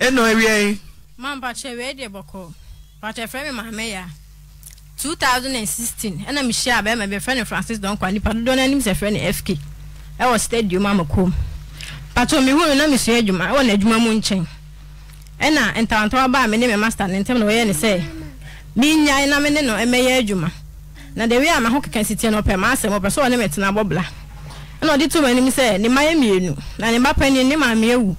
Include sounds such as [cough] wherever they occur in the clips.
ɛna ɔwia yi. maa mpakyɛ wei deɛ bɔkɔ mpakyɛ fɛn mi maame ya two thousand and sixteen ɛna mi hyia abɛɛma bi fɛn no francis dɔnkwa nipa dodo n'anim sɛ fɛn no fk ɛwɔ stadium amakom mpakyɛ mi hu na mi sua adwuma ɛwɔ n'adwuma mu nkyɛn ɛna ntawantawa baa mi ne mi master ne ntɛm na ɔyɛ ne sɛ mi nya na mi ne no ɛmɛyɛ adwuma na dewi a maho keka si tie no pɛ maa sɛ mo pɛ so ɔne mi tena bɔbla ɛna ɔde to mu anim sɛ ne mma yɛ mmienu na ne mma panyin ne maame ewu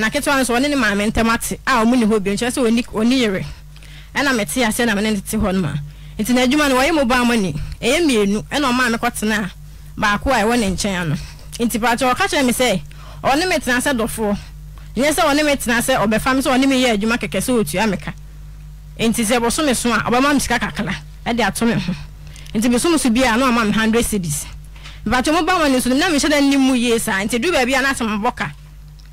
na ketewa no so ɔne ne maame ntɛm ate a ɔmo ne hɔ bio nkyɛn sɛ ɔni ɔni yere ɛna mɛte ase na mɛne ne tete hɔ no ma nti na adwuma no wɔyɛ mobile money ɛyɛ mmienu ɛna ɔmaa me kɔtena a baako a ɛwɔ ne nkyɛn ano nti paatɛ ɔka kyerɛ me sɛ ɔne me tena sɛ dɔfoɔ nyɛ sɛ ɔne me tena sɛ ɔbɛfa me sɛ ɔne me yɛ adwuma kɛkɛ sɛ ɔtua me nti sɛ bɔso me so a ɔbɛma me sika kakra ɛde na ɔma me hundred cities paatɛ mobile money nso na mehyɛ dɛ nnim mu yie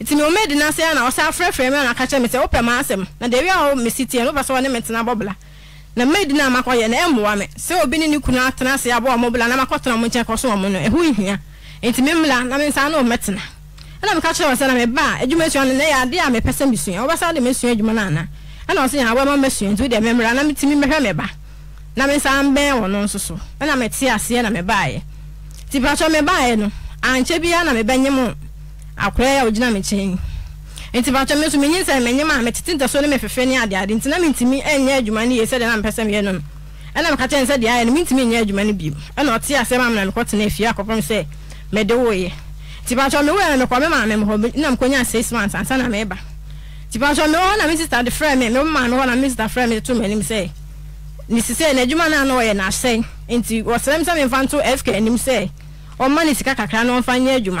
nti na omedi na sɛ na ɔsɛ afrɛfrɛ mi na aka mi sɛ wopɛ m'asɛm na deɛ wia o mesi tie no wopɛ sɛ ɔne mi tena bɔbla na medi na amakɔ yɛ na ɛmboa e mi sɛ obi ne ne kunu atena se abɔ ɔmo bla na makɔ tena ɔmo nkyɛn kɔ so ɔmo no ɛho e nhia nti mi mla na mi nsa na ɔmo tena ɛna mi ka kyerɛ wɔ sɛ na mi ba adwuma esua no na yɛ adeɛ a mi pɛ mi sua ɔbɛsa de mi sua adwuma no ana ɛna ɔsɛ yɛn awɔ ma mi sua nti o deɛ mi mra na mi ti mi mɛhwɛ na mi nsa mbɛn e wɔ no nso so ɛna no ankyɛ biara na mi akora a ogyina me nkyɛn nti bàtɔ mi nso mi nyi nsɛn mi nyɛ maa mi tete ntɛ so ne mi fɛfɛ ne ade ade nti na mi ntumi nyɛ adwuma ne yie sɛdeɛ na mi mi yɛ no ɛna mi kata nsɛ deɛ ayɛ no mi ntumi nyɛ adwuma no bi ɛna ɔte asɛm a mi na mi kɔ tena efie akɔpɔm sɛ mɛ de wo yɛ nti bàtɔ mi wo yɛ no mi kɔ mi maa mi hɔ na mi kɔ nya six months ansa na mi ba nti bàtɔ mi hɔ na mi sista de frɛ mi mi maa mi hɔ na mi sista frɛ mi to mi anim sɛ ne sisɛ na adwuma na ɔyɛ na ahyɛn nti wɔsrɛ mi sɛ mi nfa nto fk anim sɛ ɔma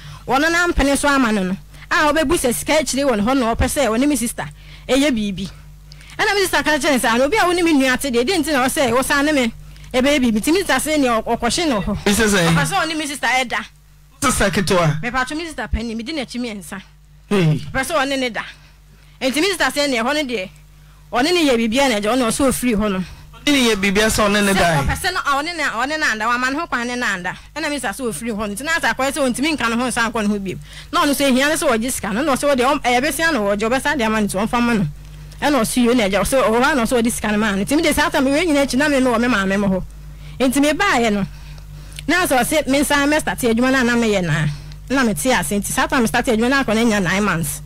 wɔn nan mpene so ama no no a ɔbɛbu sɛ sika akyire wɔ ne hɔ na ɔpɛ sɛ ɔne mi sista ɛyɛ biribi ɛna mi sista ka kyerɛ nsa na obi a wɔne mi nua ate deɛ ɛdi nti na ɔsɛ ɔsan ne mi ɛbɛyɛ biribi ti mi sista sɛ nea ɔkɔhye ne hɔ ɔpɛ sɛ ɔne mi sista ɛda sista ketewa mɛpatro mi sista panyin mi di n'akyi mi nsa ɔpɛ sɛ ɔne ne da nti mi sista sɛ nea ɛhɔ ne deɛ ɔne ne yɛ biribi a na ɛgya ɔna ɔsɛ ofiri ne yɛ biribi sɛ ɔne ne dan ɔpɛ sɛ ɔne ne ɔne ne anda wama ne ho kwan ne ne anda ɛna mi sa so ofiri hɔ no nti n'asa akɔyɛ sɛ ontumi nka ne ho nsa nkɔ ne ho biem na ɔno sɛ ehia ne sɛ wɔgye sika no na ɔsɛ wɔde ɛyɛ besia no wɔgye ɔbɛsa de ama ne ti ɔnfa ma no ɛna ɔsi yio na ɛgya ɔsɛ ɔwɔ na ɔsɛ wɔde sika no maa no nti mi de saa tam wei nyina akyi na mi wɔ me maame mo hɔ nti mi baayɛ no n'asɛ ɔsɛ mi nsa mɛ start adwuma na anam yɛ naa na mi te ase nti saa tam start adwuma na akɔ ne nya nine months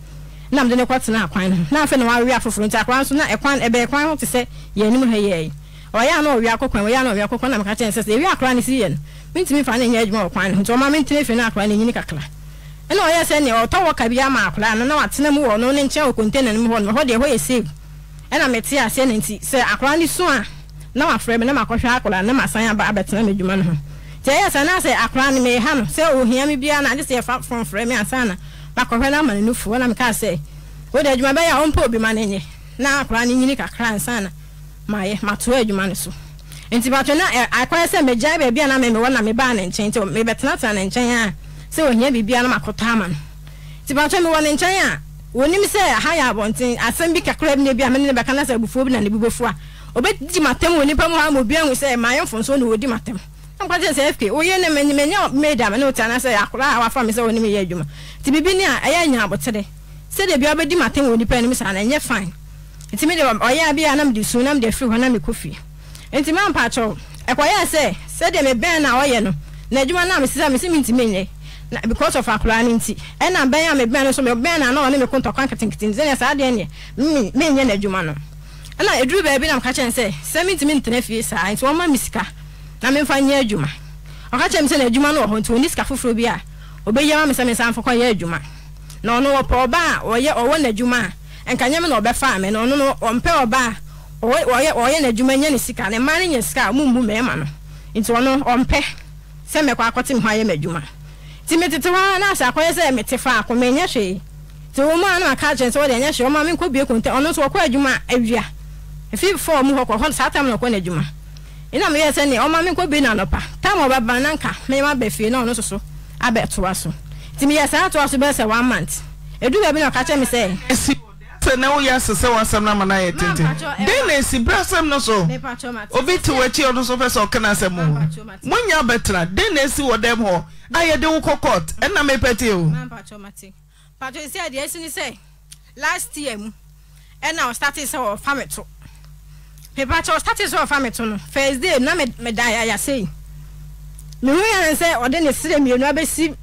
na mi de ne kɔ tena akwan no na afei na wawe afoforo nti akwan so na ɛkwan ɛbɛn ho te sɛ yɛn anim ha yɛ yi ɔyɛ anɔ ɔwia kɔkɔn ɔyɛ anɔ ɔwia kɔkɔn na mɛ kakyɛ nsɛsɛ ewia akora ne si yɛ no mintimi fa ne nyɛ adwuma wɔ kwan ne ho nti ɔma mintimi fi ne akora ne nyini kakra ɛna ɔyɛ sɛ nea ɔtɔ wɔ kabi ama akora no na watena mu wɔ no ne nkyɛn wɔ kɔntena no mu hɔ no hɔ deɛ hɔ yɛ save ɛna mɛte aseɛ ne nti sɛ akora ne so a na wafrɛ me na makɔhwɛ akora na masan aba abɛtena me adwuma no ho nti ɛyɛ sɛ na sɛ akora ne meha no sɛ ohia me biara na agye sɛ yɛfa fɔn frɛ me ansa na makɔhwɛ na ama ne nufu na mekaa sɛ wode adwuma bɛyɛ a ɔmpɛ obi ma no nyɛ na akora ne nyini kakra ansa na maayɛ mato adwuma no so nti batwe na akɔyɛ sɛ megyae baabi a na memewɔ na mebaa ne nkyɛn nti mebɛtenatena ne nkyɛn a sɛ ohia biribia na makɔtɔ ama no nti batwe mewɔ ne nkyɛn a wɔnim sɛ ha yɛ abɔnten asɛm bi kakra bi na bi a ne bɛka na sɛ abufuo bi na ne bi bɛfu a obɛdi matam wɔ nipa mu ha ma obi ahu maayɛ mfonso na wɔdi matam nkwa kyerɛ sɛ fk woyɛ ne manyɛ maid a mene wotia na sɛ akora a wafa me sɛ wɔne meyɛ adwuma nti biribi ne a ɛyɛ nya abɔtere sɛdeɛ bia wobɛdi matam wɔ nipa anim saa no ɛnyɛ fine nti mi de ɔyɛ bi a nam de sun nam de firi hɔ nam de kɔ fie nti mi ampakyɛw ɛkɔyɛ sɛ sɛdeɛ mi bɛn na ɔyɛ no na adwuma na mi sisan mi si mi ntumi nyɛ na because of akwaraa ne nti ɛna bɛn a mi bɛn no so mi bɛn na ɔne mi ko ntɔkwa nketenkete nti sɛ saa deɛ neɛ mi mi nyɛ mm, n'adwuma no ɛna eduru baabi na mi ka kyɛn sɛ sɛ mi ntumi ntena fie saa nti wɔn ma mi sika na mi nfa nyɛ adwuma ɔka sɛ na adwuma no wɔ hɔ nti wɔn ni sika foforɔ bi a obɛyi ama mi sɛ mi nsa nfa kɔ yɛ adwuma na ɔno wɔ pɔ nkanyɛm na ɔbɛfa ame no ɔno no ɔmpɛ ɔbaa ɔyɛ ɔyɛ n'adwuma nyɛ ne sika ne mmaa no nyɛ sika a mu mmarima no nti ɔno ɔmpɛ sɛ mɛkɔ akɔte me ho ayɛ m'adwuma nti metete hɔ na ahyɛ akɔyɛ sɛ mete fa ako menyɛ hwee nti wɔn mu a no aka akyerɛ sɛ ɔde ɛnyɛ hwee ɔma me nkɔ bie konta ɔno nso ɔkɔ adwuma awia efi fɔ ɔmo hɔ kɔ hɔ saa tam na ɔkɔ n'adwuma ɛna meyɛ sɛ ne ɔma me nkɔ bie n'anɔpa tam ɔbɛba na nka mɛyɛ abɛ fie na ɔno soso abɛtoa so nti meyɛ saa atoa so bɛyɛ sɛ one month edu baabi na ɔka kyerɛ me sɛ. n woyɛ se sɛ sɛoaoɛɛnnasi berɛ sɛm no so obi te woakyi no sopɛ sɛ ɔkena asɛm m monya bɛtera dɛn na si wɔdɛm hɔ ayɛde wo kɔkɔt ɛna mɛpɛtemo sɛ ɔde ne serɛ mmibɛsi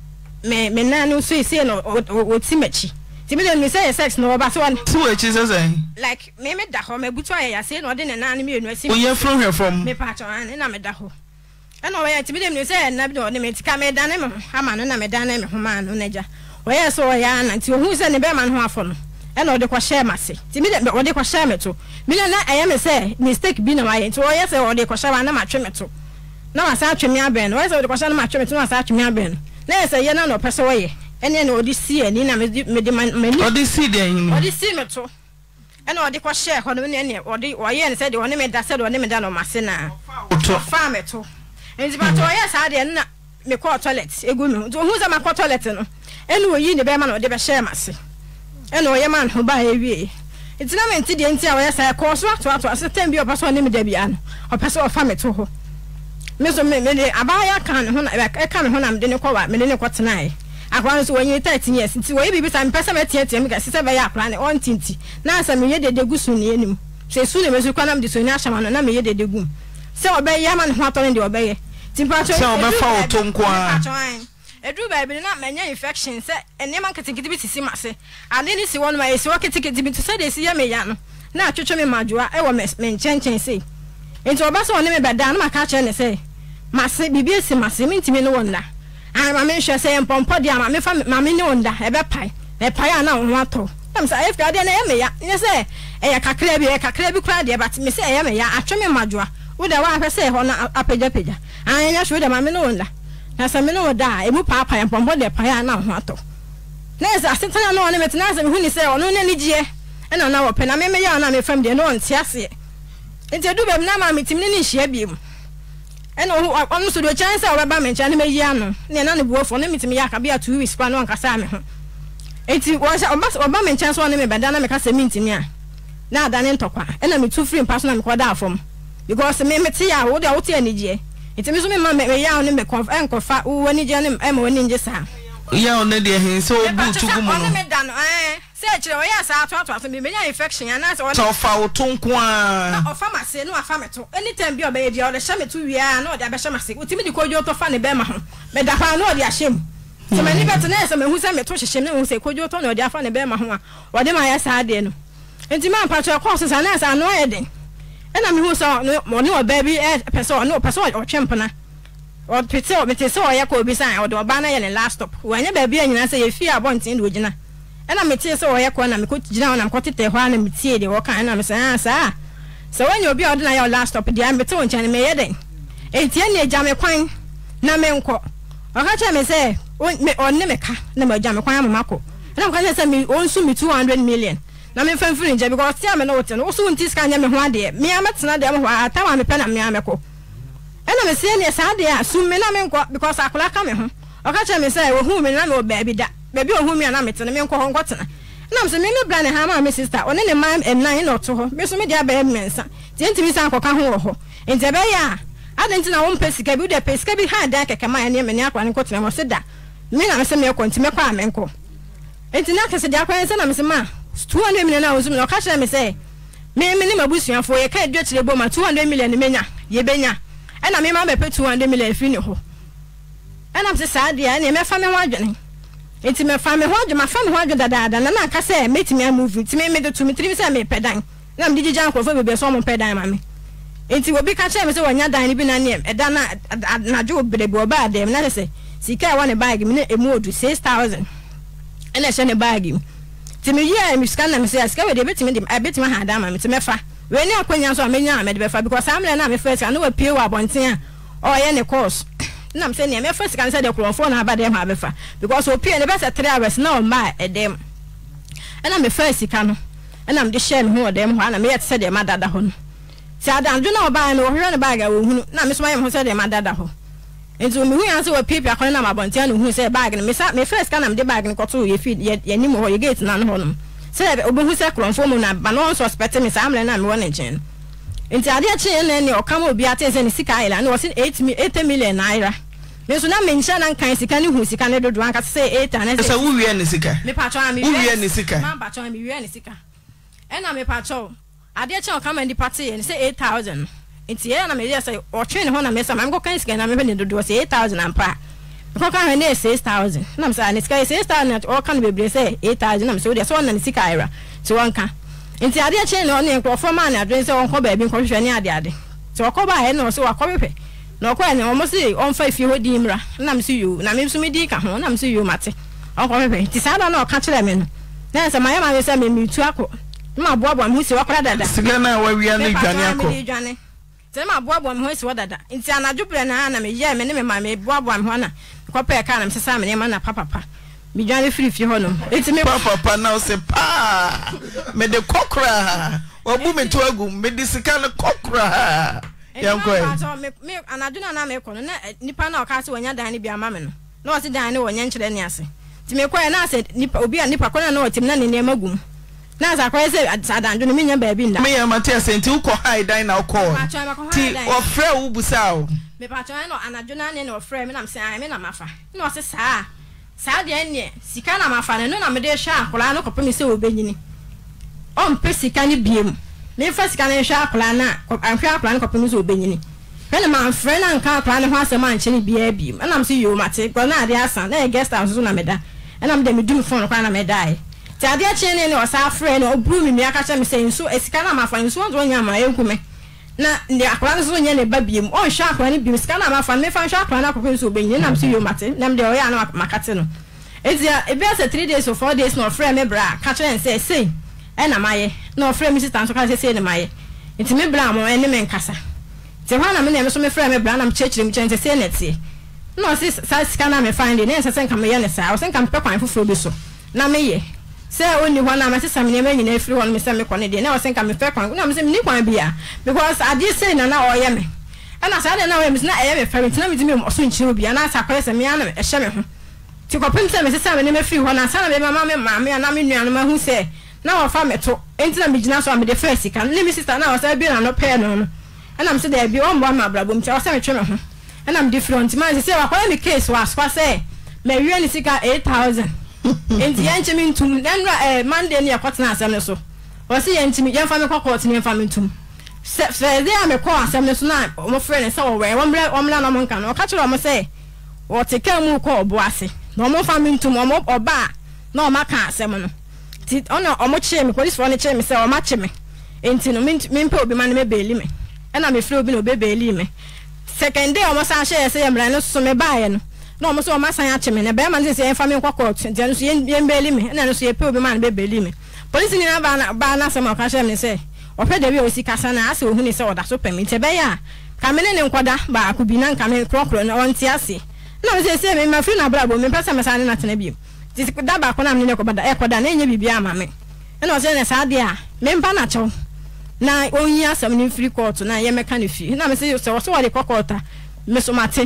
mena no ssnawɔti makyi tìmí de mi sẹ sex na ọba tí tí wọ́n ekyi sẹ́sẹ̀. like mi mi da hɔ mɛ butu ayɛ yase na ɔde ne nan ne mi enu esi. oyɛ fún hwɛ fɔm. mi paatɔ hàn ne na mi da hɔ ɛna ɔyɛ tìmí de mi sɛ yɛ nabi de ɔde mi ti ka mi da ne mi ama no na mi da ne mi ho maa no n'agya ɔyɛ sɛ ɔyɛ ana nti ohun sɛ ne bɛɛ ma ne ho afɔ no ɛna ɔde kɔ hyɛ ma se tìmí de ɔde kɔ hyɛ mi to mi na ɛyɛ e mi sɛ mistake bi na ma yɛ nti ɔyɛ sɛ ɔde kɔ hyɛ ma na ma twe mi to na ma sɛ d de sedede ɛ a de a e a daaaae e aa a ea akora no so wɔnyi thirteen years nti wɔyɛ biribi sa mpɛ sɛ mɛteɛteɛ mu kɛse sɛ bɛyɛ akora no ɔntinti na asɛ meyɛ dede gu so ne sɛ su ne mɛsu kɔ na mede soni ahyɛ ma no dede gu mu sɛ ɔbɛyɛ ama ne ho atɔ no deɛ ɔbɛyɛ nti mpatwɔ sɛ ɔbɛfa wo to nko a baabi no na manya infection sɛ nneɛma nketenkete bi sisi ma se ade no si hɔ no ma ɛsi ketekete bi nti sɛdeɛ ɛsi yɛ meya no na atwetwe me madwoa ɛwɔ me nkyɛnkyɛn sei nti ɔba sɛ ɔne me bɛdaa no maka kyerɛ ne sɛ mase biribi asi mase mentimi ne wɔ nna Ah, maame nhwɛ sɛ mpɔmpɔ deɛ maame fa maame ne wo nda ɛbɛ pae na ɛpae a na wo ho atɔ ɛm sɛ ɛfiri adeɛ no ɛyɛ me ya nyɛ sɛ ɛyɛ kakra bi ɛyɛ kakra bi koraa deɛ bate me sɛ ɛyɛ me ya atwe me mmadwoa wode woahwɛ sɛ hɔ no apagyapagya anyɛ ah, hwe wode maame ne wo nda na sɛ me ne wo da a ɛmu paapae mpɔmpɔ deɛ pae a na wo ho atɔ na ɛsɛ asetena no ɔne metena sɛ mehu ni sɛ ɔno ne ne gyeɛ ɛna na wɔpɛ na memeyɛ a na mefam deɛ ne ɔnte aseɛ nti ɛdu baabi na ma metimi ne ne nhyia biemu ɛna ɔno nso deɛ ɔkyɛn sɛ ɔbɛba me nkyɛn ne ma yi ano ne ɛna ne buafo ne mitimi yɛ akabea ne ho eti ɔhyɛ ɔba ɔba me nkyɛn so ɔne me bɛda na meka sɛ mi a na ada ne ntɔkwa ɛna me tu firi mpa so na mekɔ da afɔm because me a wo eti mi mi ma yɛ ne me kɔ ne ɛma saa. yɛ deɛ hin sɛ sɛ ɛkyerɛ ɔyɛ asaa ato ato ato mimenya infection anaasɛ ɔne ɔfa wo to nko na ɔfa ma se na wafa me to anytime bi ɔbɛyɛ bia ɔde hyɛ me to wie a na ɔde abɛhyɛ ma se wotumi de kodwo tɔ fa ne bɛrima ho meda paa na ɔde ahyɛ mu sɛ hmm. m'ani bɛte na ɛsɛ mahu sɛ meto hyehyɛ mu na mahu sɛ kodwo tɔ na ɔde afa ne bɛrima ho a ɔde ma ayɛ saa deɛ no nti ma mpakyɛ kɔɔ so saa na ɛsɛ ano ayɛ den ɛna mehu sɛ ɔne ɔbaa bi pɛ sɛ ɔne ɔpɛ sɛ ɔtwe mpena ɔpete sɛ ɔyɛ kɔ obi sa ɔde ɔbaa no yɛ ne last stop wɔanyɛ baabi a nyina sɛ yɛfie abɔnten de ɔgyina ɛna metee sɛ wɔyɛ kɔ na mekɔgyina hɔ na mekɔtetɛ hɔ a I na metie deɛ wɔka ɛna mesɛ a ah, saa sɛ woanya obi a ɔde na yɛ wo last stop deɛ mete wo nkyɛn no meyɛ dɛn enti ɛne agya me kwan na menkɔ ɔka kyerɛ me sɛ ɔne me ka na magya me kwan ama makɔ ɛna meka kyerɛ sɛ ɔnsu me 200 million na memfa mfiri nkyɛ because ɔte a me no wote no wo so wonti sika nyɛ me ho adeɛ mea mɛtena deɛ m hɔ a ah, tam a mepɛ na mea mɛkɔ ɛna mesɛ neɛ saa deɛ a sum me na menkɔ because akora ka me ho ɔka kyerɛ me sɛ wɔhu me na mewɔ baabi da baby ohu mi a na metena menkɔ hɔ nkɔtena nam so mene bra ne ha ma me sista ɔne ne ma ɛnan na ɔto hɔ me so mede abɛyɛ mmɛnsa nti ɛntumi san kɔka ho wɔ hɔ nti ɛbɛyɛ ade nti na wompɛ bi wode pɛ bi ha da kɛkɛ ma ɛneɛ mene akora ne nkɔtena mɔ se da me na mesɛ meɛkɔ nti mɛkɔ a menkɔ nti na kɛsɛ de akora sɛ na mesɛ ma 200 million a wɔsu me na ɔka me sɛ me me ne mabusuafoɔ yɛka adwa kyerɛ bɔ ma 200 million ne mɛnya yɛbɛnya ɛna mema bɛpɛ 200 million afiri ne hɔ ɛnam sɛ saa deɛ ɛneɛ mɛfa me ho adwene nti mɛfa me ho adwo mafa me ho adwo dadaada na na aka sɛ mɛtumi amuvu nti mede to me tirim sɛ mepɛ dan na mede gyegya nkurɔfoɔ bebree sɛ ɔmopɛ dan ma me nti obi ka kyerɛ me sɛ wɔnya dan no bi na neɛ ɛda na anadwo berebe ɔbaa dɛm na sɛ sɛ sika ɛwɔ ne baage mu na ɛmu odu six thousand ɛna ɛhyɛ ne baage mu nti meyie a mesika nam sɛ ah, sika wɔ deɛ ɛbɛtumi de ɛbɛtumi aha da ma me nti mɛfa wei ne akɔnya nso a mɛnya a mɛde bɛfa because saa mmerɛ no a mefɛ sika ne wapie wɔ abɔnten a ɔyɛ ne course nam sɛ nea mɛfa sika no sɛ deɛ kurɔfoɔ na aba dɛm ha bɛfa because opie ne bɛsɛ three hours na ɔmaa ɛdɛm ɛna mɛfa sika no ɛna mɛde hyɛ ne ho wɔ dɛm hɔ ɛna mɛyɛ te sɛ deɛ madada hɔ no sɛ adanjo na ɔbaa no wɔhwehwɛ ne baage a wɔhunu na mɛ so mayɛ me ho sɛ deɛ madada hɔ nti mehu yan sɛ wɔpiapia kɔne nam abɔntea ne huu sɛ baage no mesa mɛfa sika na mede baage no kɔtoo yɛfi yɛnim hɔ yɛ gate na no hɔ nom sɛ obɛhu sɛ kurɔmfoɔ mu no aba na ɔnsuspɛte me saa mmerɛ no a mewɔ ne nkyɛn no nti adeɛ kyeɛ ne ne ɔkama obi ate sɛ ne sika ayɛ la ne wɔsi eight mi eight million naira me nso na me nhyɛ na nkan sika ne hu sika ne dodo anka sɛ eight ana sɛ. sɛ wuwie ne sika. mipatɔ a mi wuwie ne sika. maa mpatɔ a mi wuwie ne sika ɛna mipatɔ adeɛ kyɛn ɔkama nipa te yɛ ne sɛ eight thousand nti yɛ na meyɛ sɛ ɔtwe ne ho na mɛsɛ maame kɔkan sika na mɛhwɛ ne dodo sɛ eight thousand ampa mekɔka hwɛ ne yɛ six thousand na mesɛ ne sika yɛ six thousand ɔka no bebree sɛ eight thousand na mesɛ wodeɛ sɛ ɔna ne sika ayera nti wɔnka nti adeɛ kyɛn na ɔne nkurɔfoɔ maa ne adwene sɛ ɔnkɔ baabi nkɔhwehwɛ ne adeade nti ɔkɔ baa hɛ na ɔsɛ wakɔ pɛpɛ na ɔkɔ ɛna ɔmo se ɔmfa fie hɔ dii mmra nam so yoo na mi nso mi dii ka ho nam so yoo mate ɔnkɔ pɛpɛ nti saa da na ɔka kyerɛ mi no na sɛ ma yɛ maa mi sɛ mi mi tu akɔ mma boaboa mi ho si wakora dada sika na wawia ne dwane akɔ ma boaboa mi si wɔ dada nti ana mi yɛ mi ne mi ma mi boaboa mi ho na kɔpɛ ɛka na f a nɛ mede kɔkra met mede sika no kka ɛmasti wokɔ a na frɛ s saa deɛ nneɛ sika na mafa no no na mede hwɛ akwaraa no kɔpem sɛ wɔbɛnyini ɔmpɛ sika no sika no no ahwɛ no sɛ wɔbɛnyini mamfrɛ no anka no ho asɛm ankyɛ biaa ɛnam gɔ no adeɛ asa na yɛ guest house so na meda ɛnam dɛ medum fon na medaeɛ nti adeɛ kyee ne ne ɔsaa frɛ no ɔburu ka kyɛ me sɛ nso eh, sika no na ne akwadaa no so nyɛ ne ba biem ɔnhwɛ akwadaa no biem sika na ama fa mmefa nhwɛ akwadaa no akɔkɔ nso obenyin nam so mhm. yom ate nam deɛ ɔyɛ ano makate no eti a ebi asɛ three days or four days na ɔfrɛ me bra kakyɛ nsɛ sei ɛna ma yɛ na ɔfrɛ me sista nso kakyɛ sei na ma yɛ nti me bra mo ɛne me nkasa te hɔ na me na ɛme so me frɛ me bra na me kyerɛkyerɛ mu kyɛn te sei na ɛteɛ na ɔsi saa sika na me fa ne deɛ ne nsɛ sɛ nka me yɛ ne saa ɔsɛ nka me pɛ kwan foforɔ bi so na me yɛ sɛ ɔni hɔ na mesesa me nneɛma nyinaa firi hɔ no mesɛ mekɔ ne deɛ na ɔsɛ nka mepɛ kwan na mesɛ menni kwan bia because adeɛ sei na na ɔyɛ oh, me ɛna saa deɛ na ɔyɛ me sɛ na ɛyɛ me fɛ me nti na mede me ɔso nkyerɛ wo bia na sɛ akɔyɛ sɛ mea na ɛhyɛ me ho nti kɔpem sɛ mesesa me nneɛma firi hɔ no ansa na mebɛma me maame a na me nuanom ahu sɛ na wɔfa me to enti na megyina so a mede fɛ sika ne me sista na ɔsɛ bi na no pɛɛ no no ɛna mesɛ daabi ɔmboa me abrabɔ mu nti ɔsɛ metwe me ho ɛna mede firi hɔ nti ma sɛ sɛ wakɔyɛ me case wɔ asopa sɛ mawie ne sika 8000 nti yɛn nkyɛn mi ntum dɛn nura ɛɛ eh, mande ni ɛkɔ tena asɛm ne so wɔsi yɛn ntumi yɛn fa mi kɔ kɔɔte ne yɛn fa mi ntum sɛ fɛɛde a mi kɔ asɛm ne so na wɔn frɛ ne sɛ wɔwɛ wɔn mmerɛ wɔn mmerɛ na wɔn nka no ɔka kyerɛ wɔn sɛ wɔte kɛn mu kɔ ɔbo ase na wɔn fa mi ntum wɔn ɔbaa na wɔn aka asɛm no ti ɔna wɔn kyerɛ mi polisifoɔ no kyerɛ mi sɛ wɔn akye mi nti no mi mpɛ obi ma no mi beeli mi ɛna mi firi obi na obi mi sɛkɛnde a wɔn san ahyɛ yɛ sɛ yɛ mmerɛ no so mi baa yɛ no na ɔmo sɛ ɔmo asan akye me na bɛrima no sɛ yɛmfa me nkɔ kɔɔt deɛ no so yɛn bɛɛli me ɛna no so yɛpɛ obi ma no bɛbɛɛli me polisi nyinaa baa baa n'asɛm ɔka hyɛ me sɛ ɔpɛ dɛbi a osi kasa na asɛ ohun sɛ ɔda so pɛ me nti ɛbɛyɛ a kame ne ne nkɔda baako bi na nkame korɔkorɔ na ɔnte ase na ɔmo sɛ sɛ me mafiri na abrabɔ me mpɛ sɛ mɛsan ne natena bio ti da baako na me ne kɔda ɛkɔda na enye bibi ama me ɛna ɔsɛ ne saa deɛ a me mpa na kyɛw na onyi asɛm ne mfiri kɔɔto na yɛmɛka ne fie na me sɛ sɛ ɔsɛ wɔde kɔ kɔɔta me so mate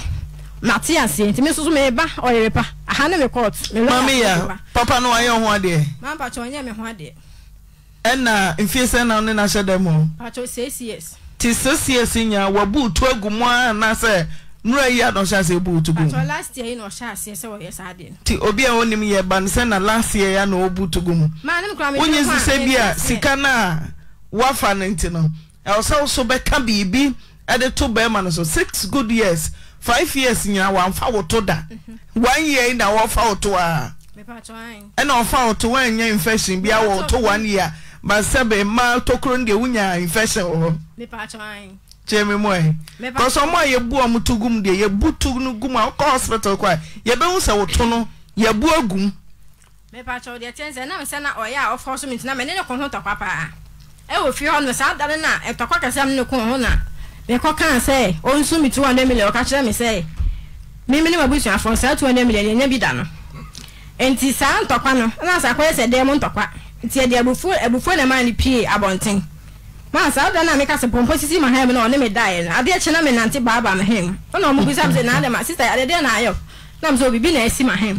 mate aseɛ nti me nso so pa aha ne me court ya papa no wayɛ ho adeɛ mampakyɛ ɔnyɛ me ho adeɛ ɛna mfie sɛ na ne nahyɛ dɛ mu pakyɛ six years ti six years nya wabu tu agu mu a na sɛ nwura yi a na ɔhyɛ bu tu gu mu last year yi na ɔhyɛ aseɛ sɛ wɔyɛ saa adeɛ ti obi a onim yɛ ba ne na last year ya na ɔbu tu gu mu maa ne bi a sika na wafa ne nti no ɛwɔ sɛ biribi. ɛde to bɛrima no so six good years five years nyinaa wɔamfa wo to da mhm. one year na wɔfa wo to a ɛna ɔfa wo to infection bia wɔ to one year sɛ bɛ mma tokuro deɛ wonya infection wɔ hɔ mu ɛ ɔmo a yɛbu ɔmo to gum deɛ yɛbu to no gum a wokɔ hospital kɔ a yɛbɛhu sɛ wo to no yɛbu agum mepatwɛ deɛ kyɛn sɛ nam sɛ na ɔyɛ a ɔfɔ so mentina mɛne ne ho tɔkwa paa ɛwɔ fie hɔ no saa da no na ɛtɔkwa kɛsɛm ne ko ho na mekɔ kaa sɛ ɔnso me 200 million ɔka kyerɛ me sɛ meme ne mabusuafoɔ saa 200 million ɛnya bi da no nti saa ntɔkwa no na sa kɔyɛ sɛ dɛm ntɔkwa nti ɛde abufuo abufuo na maa ne pie abɔnten maa saa da na meka sɛ pɔmpɔ sisi ma hɛm na ɔne me daeɛ no adeɛ kyɛ na me nante baaba me hɛm ɔna ɔmo busa me sɛ naa dɛm a sista adeɛ deɛ na ayɛ na me sɛ obibi na asi ma hɛm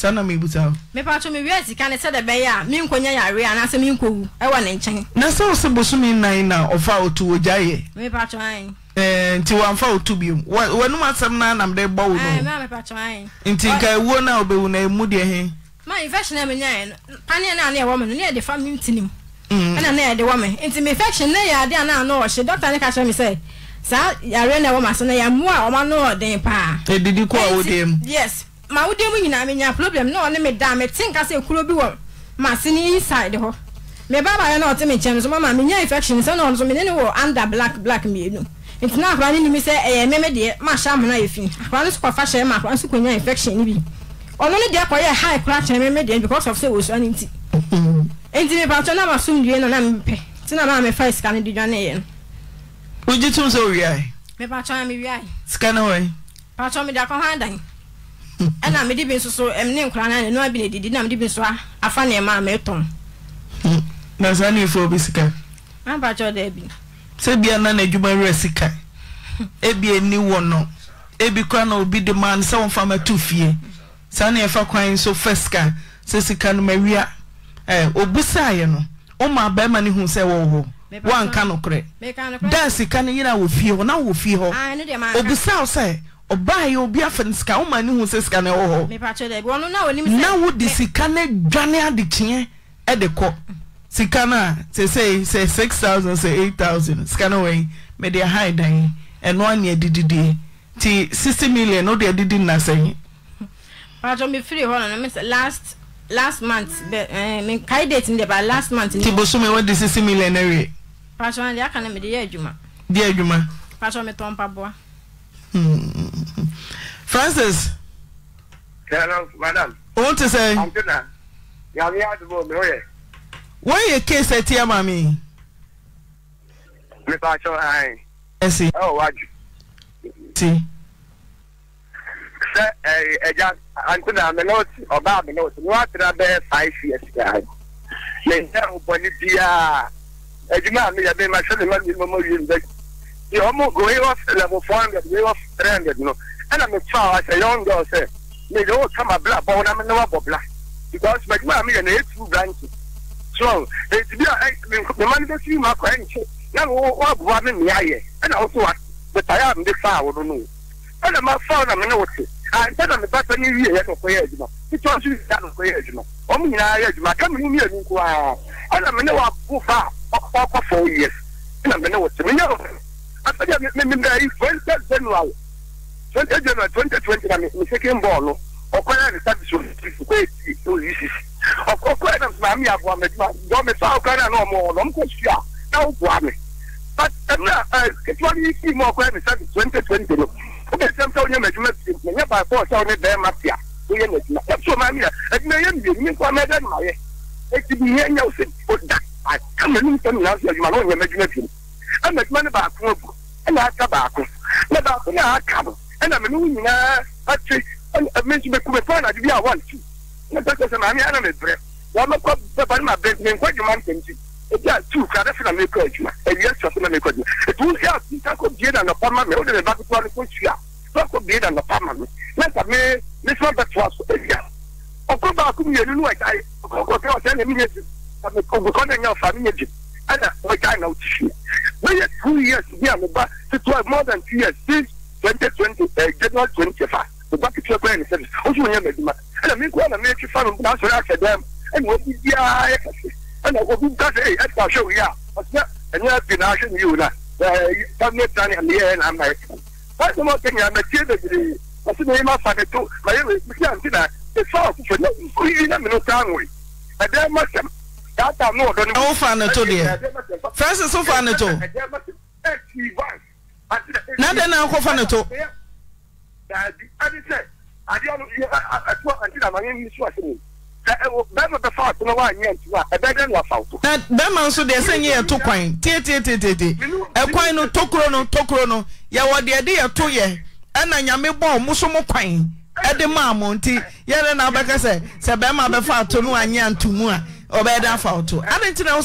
saa na mebusa wo mepatwo mewie sika ne sɛde bɛyɛ a menkɔnya yare anaasɛ menkɔwu ɛwɔ e ne nkyɛn na sɛ wo sɛ bosome nnan na ɔfa otu ogyaeɛ mepatwo an eh, nti wamfa otu biom wanom asɛm no anam de bɔ wo no eh, nti nka ɛwuo no a wobɛwu na ɛmu deɛ he ma infection a menyaɛ no paneɛ no a ne ɛwɔ me no ne yɛde fa mentinim ɛna ne yɛde wɔ me nti me infection ne yɛ ade a na ano ɔhye dɔkta ne ka kyerɛ me sɛ saa yare no ɛwɔ me ase no yɛmmoa ɔma a wodeɛ yes ma wo dem nyinaa mi nya problem na one mi da mi ti nka sɛ kuro bi wɔ machine yi side hɔ mi ba baayɛ na ɔte mi kyɛn so mama mi nya infection sɛ na ɔno so mi ne ne under black black mienu nti na akora ne nimi sɛ ɛyɛ mɛmɛ deɛ ma hyɛ amuna yɛ fi akora ne so kɔfa hyɛ ma akora nso kɔ nya infection ne bi ɔno ne deɛ kɔyɛ high kora kyɛn mɛmɛ deɛ because of say sɛ wosua ne nti nti mi paatɔ na ma so ndue no na mi pɛ ti na maa mi fa sika di dwa ne yɛ no. wogye tum sɛ owia yi. mi paatɔ na mi wia yi. sika ne hɔ yi. paatɔ mi de akɔ ɛna mede bi nso so ne nkora no nanoa bi na didi na mede bi nso afa nneɛma a metɔn hmm. na saa ne ɛfo bi sika abakyɛ da bi sɛ bia na n'adwuma werɛ sika ebi ani wɔ no ebi kora na obi de maa no sɛ wɔmfa mato fie saa ne ɛfa kwan nso fɛ sika sɛ sika no mawia eh, obusaeɛ no woma bɛrima no hu sɛ wɔwɔ hɔ woanka nokorɛ da sika no yera wɔ fie hɔ na wɔ fie hɔ obusa wo sɛ ɔbaa yɛ obi afa sika woma ne hu sɛ sika no ɛwɔ hɔ na wode sika no adwane adekyeɛ ɛde kɔ sika no a sɛsɛi sɛ 6000 sɛ 8000 sika no wɔi mede ahae dan ɛno ane adididie nti 60 million wode adidi nna sɛn last month bɛ ɛɛ mi kae date ni de ba last month ni. ti bosomi wadi sisi million ɛwie. paasɔ na de aka na mi de yɛ adwuma. de yɛ adwuma. paasɔ mi tɔn pa bɔ francis. hello madam. òun ti sẹ́. àǹtínà yàrá àdúgbò mi ó yẹ. wọ́n yẹ kéésì ẹ̀ tí ẹ máa mi. nípa aṣọ ààyè. ẹ sì. ẹ ò wájú. ti. sẹ ẹ ẹja àǹtínà mi náà ti ọba mi náà ti ní wàá tẹ̀lé bẹ́ẹ̀ five years ago. lè jẹ́ òbọ̀ ní bíyà ah, ẹ̀dùnmọ́ àmì yàgbé máa ṣẹlẹ̀ mọ́ mi mọ́ mọ́ yìí ń bẹ́ẹ̀ deɛ ɔmo goyos level four hundred goyos three hundred no ɛna mi fa wa sɛ young girl sɛ mi de o sama bla bɔ na mi na wa bɔ bla because mɛ duma mi yɛ na etu branch so eti bi a mi ma ni bɛ si ma kɔ ɛnkyɛ na mi wo wa mi mi ayɛ ɛna o so wa bɛtaya mi de fa wo no no ɛna ma fa na mi ne wo te a n tɛ na mi ba sɛ ni wiye yɛ na ɔkɔ yɛ adwuma titɔ nso yɛ na ɔkɔ yɛ adwuma ɔmo nyinaa yɛ adwuma kɛmi ni mi yɛ nukura ɛna mi ne wa ko fa ɔkɔ fɔ years ɛna mi ne wo te mi yɛ o afɛn yɛ mi mi na yi twenty january twenty january twenty twenty na mi mi second ball no ɔkɔ yɛ ne service o ti fi ko yɛ ti o yi sisi ɔkɔ ɔkɔ yɛ na maami abo amɛ duma gɔmɛ sɔ ɔkɔ yɛ na ɔmɔ ɔlɔ ɔmɔ kɔ sua na o bu amɛ but ɛnura ɛ ketewa ni si mu ɔkɔ yɛ ne service twenty twenty no o bɛ sɛm sɛ o nyɛ mɛ duma fi mɛ nyɛ baako ɔsɛ o ne bɛɛ ma fia o yɛ mɛ duma ɛbi so maami yɛ ɛdina yɛ mi yɛ mi nkɔ amɛ dɛ ma yɛ eti bi yɛ nyɛ o se o da a kama ni nsɛm nyinaa o nyɛ mɛ duma fi mu ɛmɛ duma ɛna aka baako na baako na aka no ɛna mene wo nyinaa akye me nso mekumefa anadwo bi a wɔnte na pɛ sɛ sɛ maame ana mebrɛ wɔmɛkɔ bɛba no mabrɛ menkɔ adwuma ntɛmti ebi a tu kura dɛsɛ na mekɔ adwuma awia sua so na mekɔ adwuma etu wo sɛ asita kɔ bie na nɔpa ma me wode me ba ketewa no kɔ sua so akɔ bie na nɔpa ma me na nka me me soma bɛtoa so awia ɔkɔ baako mmienu no wɔ gyae ɔkɔkɔ sɛ ɔsɛ na menyɛ gyi ɔkɔkɔ na ɛnyɛ ɔfa menyɛ gyi ɛna ɔgya na ɔtihwi bɛyɛ two years bi a mo ba more than two years since twenty twenty ɛɛ january twenty fa mo ba ketewa kɔɛ ne service o so nyɛ mɛduma ɛna mi kura na mi etwi fa no na asɔre ahyɛ dɛm ɛna obi biara yɛ kɛse ɛna obi ka sɛ ɛyɛ ɛta ahwɛ oyi a ɔsɛ ɛnyɛ bi na ahwɛ mi yi o na ɛɛ family planning mi yɛ na ama yɛ kɛ to mo kɛ nyɛ mɛtie bebree ɔsɛ mi yi ma fa mi to ma yɛ mi si anti na efa ɔfofo na oyi na mi no taa ŋoyi ɛdɛm ma sɛm wofa no to deɛ francis wofa no to na dɛn na akɔfa no to na bɛrima nso deɛ sɛ nye yɛto kwan tietietititi ɛkwan no tokuro no tokuro no yɛwɔ deɛ de yɛto yɛ ɛna nyame bɔɔ mo so mo kwan ɛde maa mo nti yɛde na abɛka sɛ sɛ bɛrima bɛfa ato no anyɛ antomu a ɔbɛyɛda afa wo to ade nti na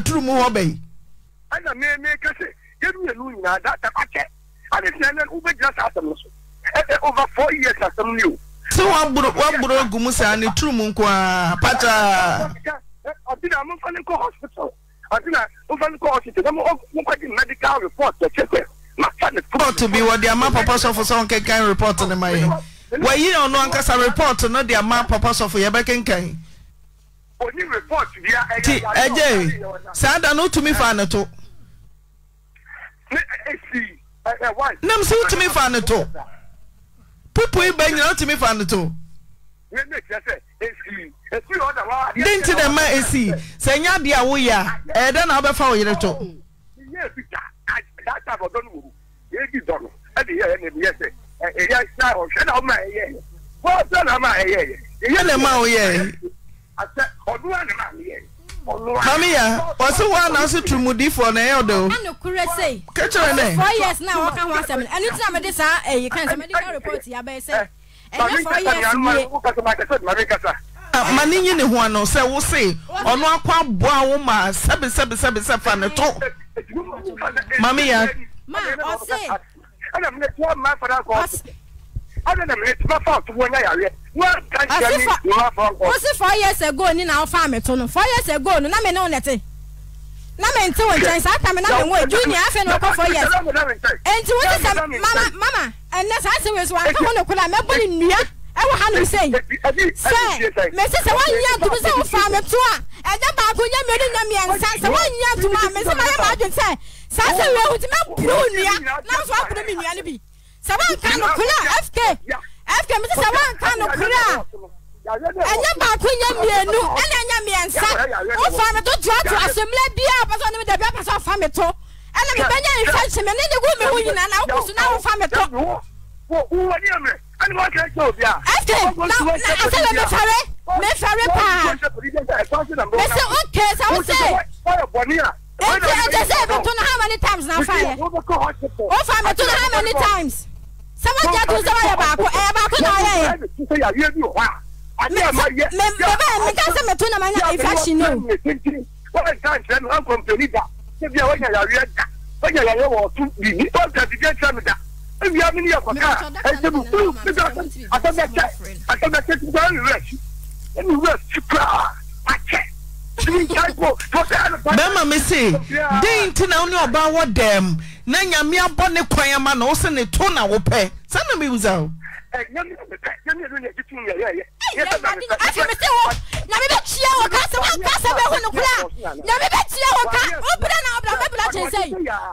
turu mu hɔ bɛyi ɛna mee me ka sɛ yɛmienu nyinaa da tabakyɛ ade sɛ nɛ wobɛgyina saa asɛm so over four years asɛm ne o sɛ woaboro woaboro agu mu turu mu a pataa na hospital ɔdena momfa no hospital medical report ɛkyɛ sɛ mafa report bi ama papa report ma wɔyi ɔno ankasa report no de ama papa sɔfo yɛbɛkenkan nti agye saa da no wotumi fa ne to nam sɛ wotumi fa ne to pupu yi ba nyina wotumi fa ne to de nti dɛ ma esi sɛ nyɛ adeɛ a woyɛ a ɛyɛ dɛ na wobɛfa wo yere to ɛyɛ na ɔhwɛ na ɔma ɛyɛ yɛ bɔɔsɛ na ɔma ɛyɛ yɛ. yɛ na ɛma wo yɛ. asɛ ɔnua na ma yɛ. Mami ya, wasi wa na wasi turumudi fo na ye odo. Ano kure sei. Kechire ne. Four years na waka ho asem. Ani tina me de sa eh kan se medical report ya be se. Ɛnyɛ four years ni. ma ne nye ne ho ano sɛ wo se ɔno akɔ aboa wo ma sɛbesɛbesɛbesɛ fa ne to mame ya ma ɔse ɛna mene toa mma fada kɔ ɛna na mene tuma fa ɔtoboɔ nya yareɛ wosi four years ago ni na ɔfa ameto no four years ago no na mene wo nɛte na me nte wo nkyɛn saa tame na me wo junior afei na ɔkɔ four years enti wosi sɛ mama mama ɛnɛ saa sɛ wei so wanka ho no koraa mɛbɔ ne nnua ɛwɔ ha nom sɛi sɛ mesi sɛ woanyɛ ntom sɛ wofa meto a ɛnyɛ baako nyɛ mmienu nyɛ mmiɛnsa sɛ woanyɛ ntom a mesi mayɛ maadwen sɛ saa sɛ wɔ ahu nti mɛmporo wo nnua nanso aporo me nnua no bi sɛ woanka no koro a fk fk mete sɛ woanka no koro a ɛnyɛ baako nyɛ mmienu ɛna ɛnyɛ mmiɛnsa wofa me to toato asɛmmla biaa pɛ sɛ ɔne me dabi apɛ sɛ ɔfa me to ɛna mebɛnya infection me ne ne gu me ho nyinaa na wokɔ so na wofa me to fk na asɛ bɛ mefare mefare paa mesɛ ok sɛ wo sɛ Nti ẹjẹ sẹ ebi tun how many times na fa yẹ? O fa mi tun how many times? Sẹ́wọ́n jẹ́ tun sẹ́wọ́n yẹ baako ẹ̀yẹ baako náà yẹ yẹ. Bàbá yẹ mi ká sẹ́ mi tun na ma nya infection ni o. Wọ́n yẹ ká ǹṣẹ́ mi, wọ́n kọ̀ mpẹ́ mi da. Ṣébi àwọn yàrá yẹ da, wọ́n yàrá yẹ wọ̀ ọ̀tún bìbí, wọ́n tẹ̀ ti dé ṣẹ́ mi da. Ebi ya mi ni yẹ kọ̀ ká, ẹ̀ṣẹ̀ mi fún mi bí ọ̀sẹ̀ àtẹ̀mẹ̀ṣẹ̀ àtẹ̀mẹ̀ṣẹ̀ ti gbọ́ ẹ̀rù rẹ̀ sí. Ẹ̀rù rẹ̀ sí kúrò àkẹ́. bɛima me se dɛn nti na wo ne ɔbaa wɔ da m na nyame abɔ ne kwan ama na wo sene to na wo pɛ sa na mewusaho nyame bɛkyia wɔ ka sɛ woanka sɛ bɛhu no kora nyame bɛkyia wɔ ka wobrɛ na wobra mɛbra kyee sɛ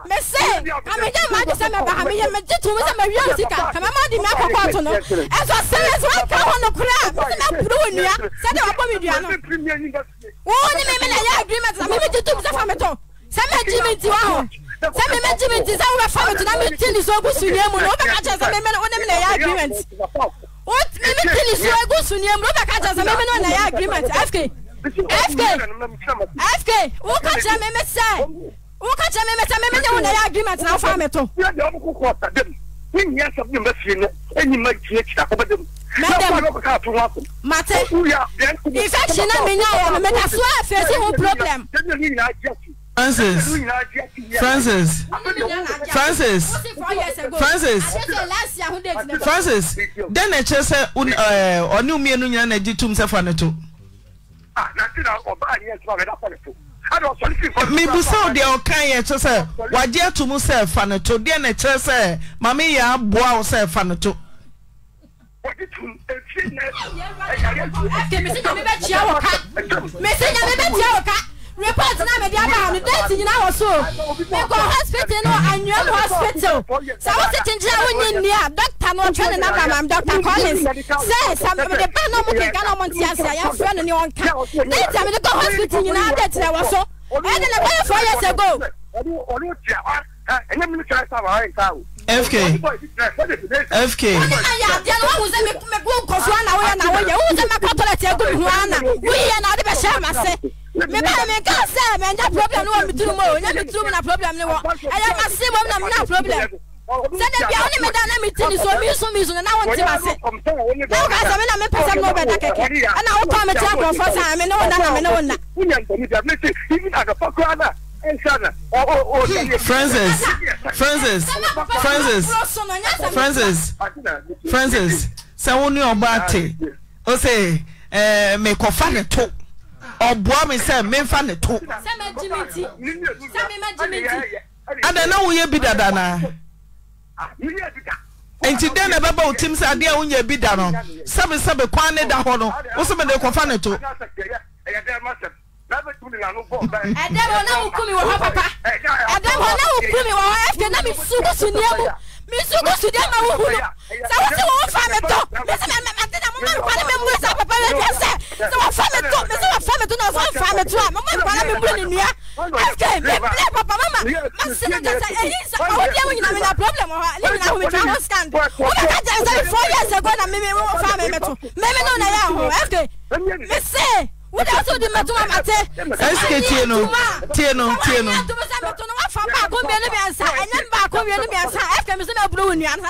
mese amenya maagye sɛ mɛba ha meyɛ megye to mu sɛ mawia wo sika kamama de me akɔkɔɔto no ɛnso sɛyɛ sɛ woanka ho no kora mese mɛpere wo nnua sɛdeɛ wɔbɔ me dua no wo ne me me na ɛyɛ agreement na mebɛgye to mu sɛ fa metɔ sɛ magye me nti wa hɔ sɛ meme gye me nti sɛ wobɛfa me to na mete ne so agu sunnua mu no wobɛka kyerɛ sɛ meme wonem na ɛyɛ agreement meme te ne so agu sunnua mu no wobɛka kyerɛ sɛ meme no na agreement fk fk fk woka kyerɛ meme sɛ woka kyerɛ meme sɛ meme ne wo na ɛyɛ agreement na wofa me to wonya asɛm ne mɛfie no anyima tie kyira kɔbɛdam mate infection na menya wɔ no meda so a afɛsi ho problem Francis Francis Francis Francis Francis dẹ́n na kyerɛ sɛ ɔne enu nyinaa na agye tum sɛ fa ne to. mibusaw deɛ ɔkan yɛ kyerɛ sɛ wagye atum sɛ fa ne to deɛ na kyerɛ sɛ maame yɛ aboa wo sɛ fa ne to. mesi nyame bɛ kyia wɔ ka mesi nyame bɛ kyia wɔ ka report na mede aba no date nyinaa wɔ so mekɔ hospital no anwam hospital sɛ wo se kyenkyena wonye nni a dɔkta no ɔtwɛ ne naba mam dr collins sɛ sɛ mede ba no mo kenka na ɔmonte ase a yɛmfrɛ no ne ɔnka date a mede kɔ hospital nyinaa date na wɔ so ɛne ne bɛyɛ four years ago FK FK. wọ́n me ba me ka se me nya problem no me tru mo nya me tru mo na problem ne wo e ya ma se mo na me na problem se de bia oni me da na me tini mi so mi so na won ti ma se na ka se me na me pesa mo be da keke e na wo ko me tira ko fo sa me no na na me no na kunya ntoni Francis, Francis, Francis, Francis, Francis, sɛ wo ne ɔba ate wo sɛ eh, mekɔfa ne to ɔboa mi sɛ mmefa ne to. sɛmɛ jimi ti sɛmɛ jimi ti. adan na woyɛ bi dada na. nti dɛn na ɛbɛba o tim sɛ adeɛ a wonyɛ bi da no sɛbisɛbi kwan ne da hɔ no wosi mi de kɔfa ne to. ɛdɛm hɔ na wukumi wɔ hɔ papa ɛdɛm hɔ na wukumi wɔ hɔ ɛfɛ na mi sunni sunni mu misugu sudiɛ ma wo hunu sɛ wo wo fa mi tɔ mi se mɛ mɛ mo ma nkwa ne mi mburu sɛ papa mi fiɛ sɛ fa mi tɔ mi wo fa mi tɔ na wo fa mi tɔ a mo ma nkwa ne mi mburu ne nua ɛsike mi pilɛ papa ma ma ma se na kasa eyi sɛ awo diɛ wo nyina mi na problem wɔ hɔ ne mi na ho mi tɔ aho stand bɛ ka jɛ four years ago na mi mi wo fa mi mi tɔ mɛ mi n'o na yɛ ho ɛsike mi se wúdà sọ di mẹtuma mẹtẹ. ẹsike tie no tie no tie no. wàfà baako mmienu mmiɛnsa ɛnyɛ baako mi sɛ na eburu mi buru nua ne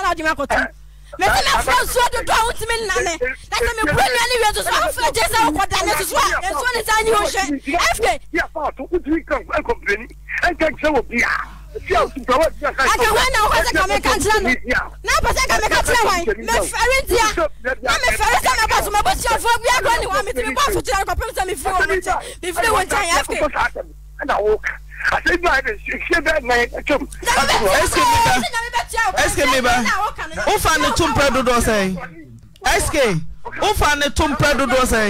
wie soso afura gye sɛ ɔkɔ dane soso a nsuo ne sa anyi ho hwɛ ɛfɛ. ɛfɛ ɛfɛ ɛfɛ ɛfɛ ɛfɛ ɛfɛ ɛfɛ ɛfɛ ɛfɛ ɛfɛ ɛfɛ ɛfɛ ɛfɛ ɛfɛ ɛfɛ aka wọn na ọkọ sẹ ka mẹka ntina no na apẹ sẹ ka mẹka ntina wọn mẹ fẹrẹ ntia na mẹ fẹrẹ sẹ mẹ bọ so mẹ bọ si ọfọ bi agorɔ ni wọn mi ti mi bọ asotu ẹrọ kọpẹ mi sẹ mi fi wọn nkyɛn mi fi wọn nkyɛn yẹ fẹ. SK miba wofa ne to mprɛ dodoɔ sɛn SK wofa ne to mprɛ dodoɔ sɛn.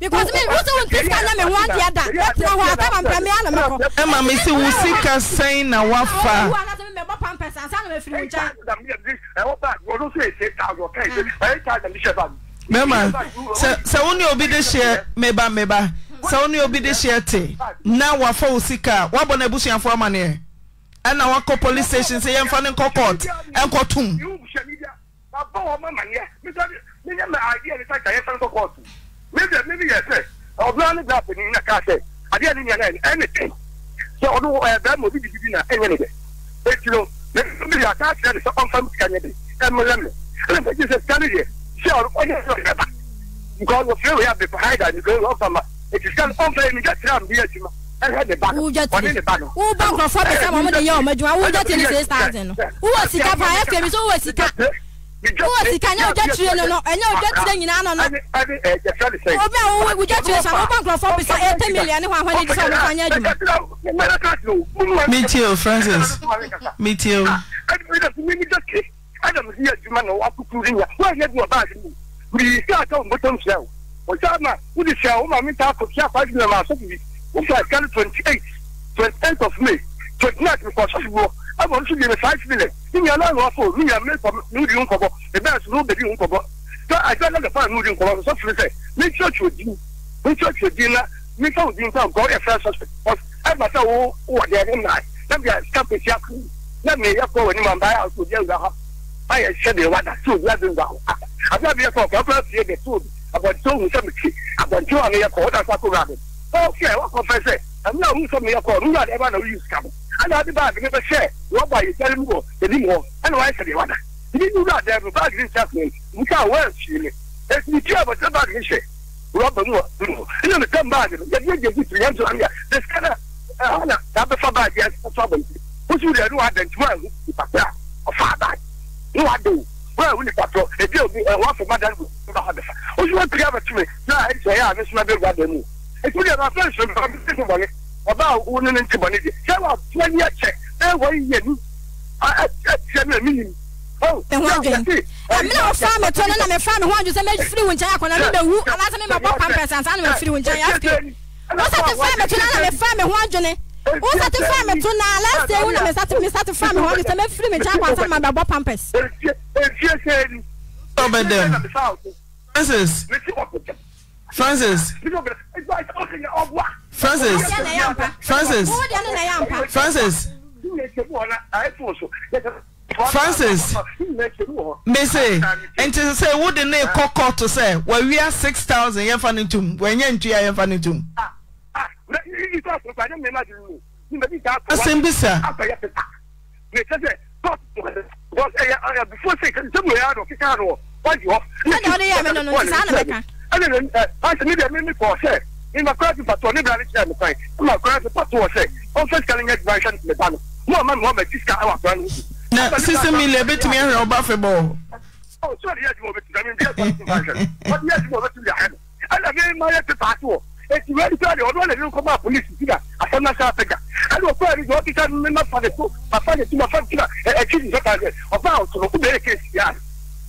because me wusu wo nsika na me wan dia da etina hɔ ata ma mpɛ me ana me kɔ. ɛ maa mi si wo sika sɛn na wa fa. owó anase mi mɛ bɔ pampɛ sansan na mɛ firi mi nkyɛn. ɛwɔ ba olu sɛ ɛsɛ taazɔ kɛ ɛsɛ ɛyɛ taazɔ mi sɛ ba. mɛma sɛ sɛ wo ni obi de hyɛ meba meba sɛ wo ni obi de hyɛ te na wafa wo sika wabɔ na ebusuafo amaneɛ ɛna wakɔ police station sɛ yɛmfa ne nkɔ court ɛnkɔ tum. mi sɛ mi yɛ mɛ adiɛ ni sa ja yɛ sɛ nkɔ court mebia mebi yɛ sɛ ɔbea ne bra panyin na kaa sɛ adeɛ ne nea no ɛne ten sɛ ɔno ɛyɛ bɛrima obi bibibi na ɛnyɛ ne dɛ enti no mebi aka kyerɛ ne sɛ ɔmfa m sika nyɛ de ɛmmerɛ me ɛne sɛ gye sɛ sika no deɛ sɛ ɔnyɛ sɛ ɔbɛba because wɔfrɛ wei abe pahaida ne gɛi ɔmfa ma enti sika no ɔmfa mi gya kyerɛ ambi adwuma ɛhɛ ne ba no ɔne ne ba no wobɔ nkurɔfoɔ bɛsɛ ma mode yɛ ɔmadwuma wogya te ne 6000 no wowɔ sika paa ɛfɛ mi sɛ wowɔ sika wọ́n sika ẹ̀yẹ́ ọjọ́ tirẹ̀ nínú ẹ̀yẹ́ ọjọ́ tirẹ̀ nyinaa nínú. obi a wọ́n ọjọ́ tirẹ̀ sàn wọ́n bá nkurọ̀fọ́ bisa eighty million ní wàhán ẹ̀dí sọ̀rọ̀ wọ́n yẹ jùmọ̀. mi ti o francis mi ti o. adam si yɛ juma na wa kutu mi ta ko fia kwaasi mi kɔ sɔsi ama nso deɛ five million ne nyɛ lan wɔfo ne nyɛ ne wodi nkɔbɔ ebɛn so ne wobɛdi nkɔbɔ sɛ agya na dɛfa ne wodi nkɔbɔ sɛ firi sɛ ne church odin ne church odin na ne sɛ odin sɛ nkɔ yɛ fɛ sɛ sɛ ɛba sɛ wo wɔ deɛ ne nnae na bia sika pesi akuru na mɛ yɛ kɔ wɔ anim amba yɛ obi awura hɔ ayɛ hyɛ deɛ wada sɛ obi adi nwa hɔ abia ah, bi yɛ kɔ ɔkɔ ɛkɔ fie deɛ sɛ obi abɔnten ohun sɛ meti abɔnten a ne yɛ kɔ ɔda sɛ akɔ wura de ɔkɛ wakɔ fɛ sɛ ɛmu na ohun sɛ meyɛ kɔ ɔmu yɛ adi ɛba na oyi sika mo ɛna ɔde baagi ne bɛhyɛ rɔba yi dɛrɛ mu wɔ anim hɔ ɛna wayɛ sɛdeɛ wada ebi nuru adan no baagi ne nsa kun nka a wɔyɛ fie ne esi ne tia bɔtɛ baagi ne hyɛ rɔba mu wɔ anim hɔ ɛna ne tɛm baagi no yɛde yɛde egutu yɛn nso anya de sikana ɛna yabɛfa baagi yɛn nso abɔ nti wosu wuli ɛnu adan tuma ɛnu nipa kura ɔfa adan ne wa do wɔn a wuli patɔ ebi omi ɛwɔ afɔ madan ko ba ha bɛfa wosu wɔn piri abɛtumi na ɛsɛ yɛ a ne suma bɛ gu adan mu etu deɛ ma fɛn sɛ ọba wo ne ne nti bɔ ne deɛ sɛ wa fún ɛni ɛkyɛ ɛ wɔyi yɛ nu ɛkyɛ mi na mi nim. ɛho adwen ɛmene wɔfa me to no na mefa me ho adwo sɛ mɛfiri wo nkyɛn akɔna me bɛwu anaasɛ me mabɔ pampɛsa nsa na mafiri wo nkyɛn afei wo satisfy me to no na mefa me ho adwene wo satisfy me to no last day wo na me satisfy me ho adwo sɛ mɛfiri me nkyɛn akɔna sɛ me mabɔ pampɛs ɔbɛdɛm francis francis francis francis francis francis mese nti sɛ wode ne kɔ kɔɔto sɛ wawia six thousand yɛmfa no ntom wanyɛ ntua yɛmfa no ntom asɛm bi sa ɛna ɔde yɛ me no no nti saa nima kora ti pato ne bra ne kyerɛ me kwan nima kora ti pato wɔ sɛ ɔmfa sika ne nyɛ adwuma nhwɛ ne ba no mo ama me hɔ mati sika awɔ akora no na sisi mi le ebetumi ahwɛ ɔba afɛ bɔ. ɔsɔ de yɛ adwuma obetumi ɛmi bi ɛsɔ ti ma hwɛ ɔde yɛ adwuma obetumi ahwɛ no ɛna mi ma yɛ ti paati wɔ eti wɛ ni kura de ɔdo ɛna mi a polisi ti na asɔn na sa apɛga ɛna ɔkura ni de ɔkisa mi ma fa de to ma fa de to ma fa de to e, na ɛkyi ni sɔta yɛ e, ɔba e, ɔtɔnɔ kó bɛ yɛ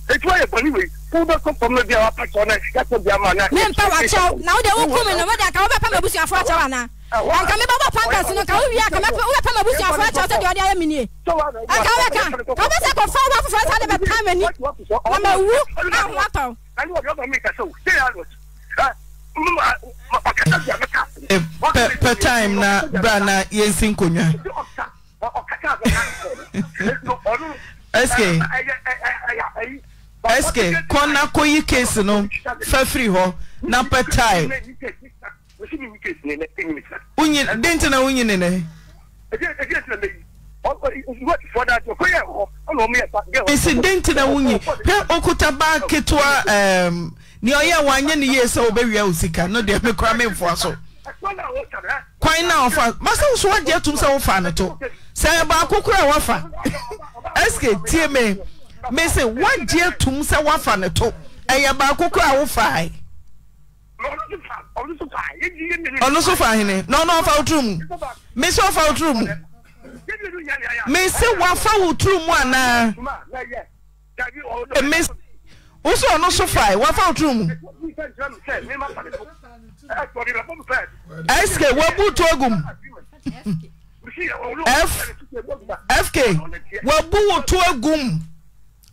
etu ayɛ bɔnni wei kó bɛ kó pɔmɛ bi a wa pàṣẹ ɔnà yàtɔ bi a ma na. mi n pa wa kyɛw na o de o kun mi na o de a kan o bɛ pɛmɛ busuafo akyɛw ana nka mi bɛ bɔ pankasi no kan o wi a kan o bɛ pɛmɛ busuafo akyɛw sɛ deɛ ɔde ayɛ mi nie a kan o bɛ kan ka o bɛ sɛ ko fɔw wa foforɔ sani bɛ pɛmɛ ni na ma wu a ho atɔ. pɛ pɛ time na bra na yɛn si nkonnwa. ɛsike. eske kɔna kɔyi case no fa firi hɔ na pɛtae dɛn nti na wonyini ne ɛsi dɛn nti na wonyi hwɛ okuta baa ketewa um, nea ɔyɛ wanyɛ ne yie sɛ wobɛwia wo sika no deɛ mekora memfoa so kwan na ɔfa masa wo so wagye atom sɛ wofa ne to sɛ baako kora a eske tie me mese wagye tum sɛ wafa ne to ɛyɛ baako kora a wofae ɔno so fa hene na ɔno ɔfa wo turo mu mese ɔfa wo mu mese wafa wo turo mu anaa e, mese woso ɔno so fae wafa wo mu sk wabu to agu m fk wabu wo to agu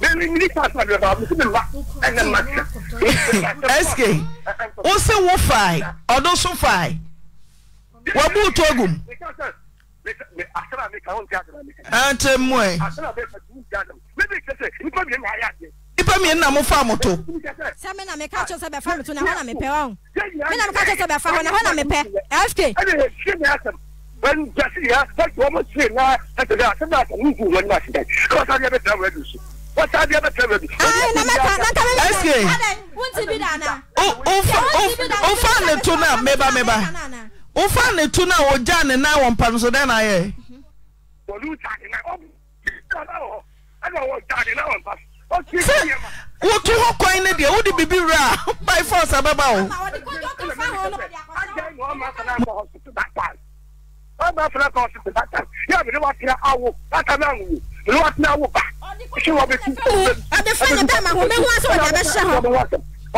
sk wo se wo fae ɔno so fae wabu to agum ante mmoe nipa mmienu na mo moto sɛ me na meka kyerɛ sɛ bɛfa moto na hɔ na mepɛ ɔ me na meka kyerɛ sɛ bɛfa hɔ na hɔ na mepɛ sk wọ́n jẹ́ sí yẹn fẹ́ẹ́ tí wọ́n mọ̀ sí yẹn náà ẹ̀ tẹ̀lé àtẹ́lẹ́ àtẹ̀wé ń gùn wọn ní àṣìṣe kí wọ́n sáré ẹ̀ bẹ́ẹ̀ tẹ̀lé àwọn ẹ̀dùn sí i. wata bia bɛtɛ bɛ bi. ayi na mɛta mɛta mi bɛ bɔ ɛsike wunti bi da na. o fa ne tu na meba meba o fa ne tu na o ja ne na wɔ dɛ na yɛ. wolu ta ne na ɔ ɔ ɛna wɔ ta na wɔ mpa sɛ hɔ ne deɛ wura a by force abɛba wo ɔma fana awo ló wá tí náà wò bá ṣé wọ́n bẹ tún tó bẹ. ọbẹ̀ fún ẹni bẹ́ẹ̀ máa kó bẹ́ẹ̀ wá sọ̀rọ̀ ní abẹ́ hàn.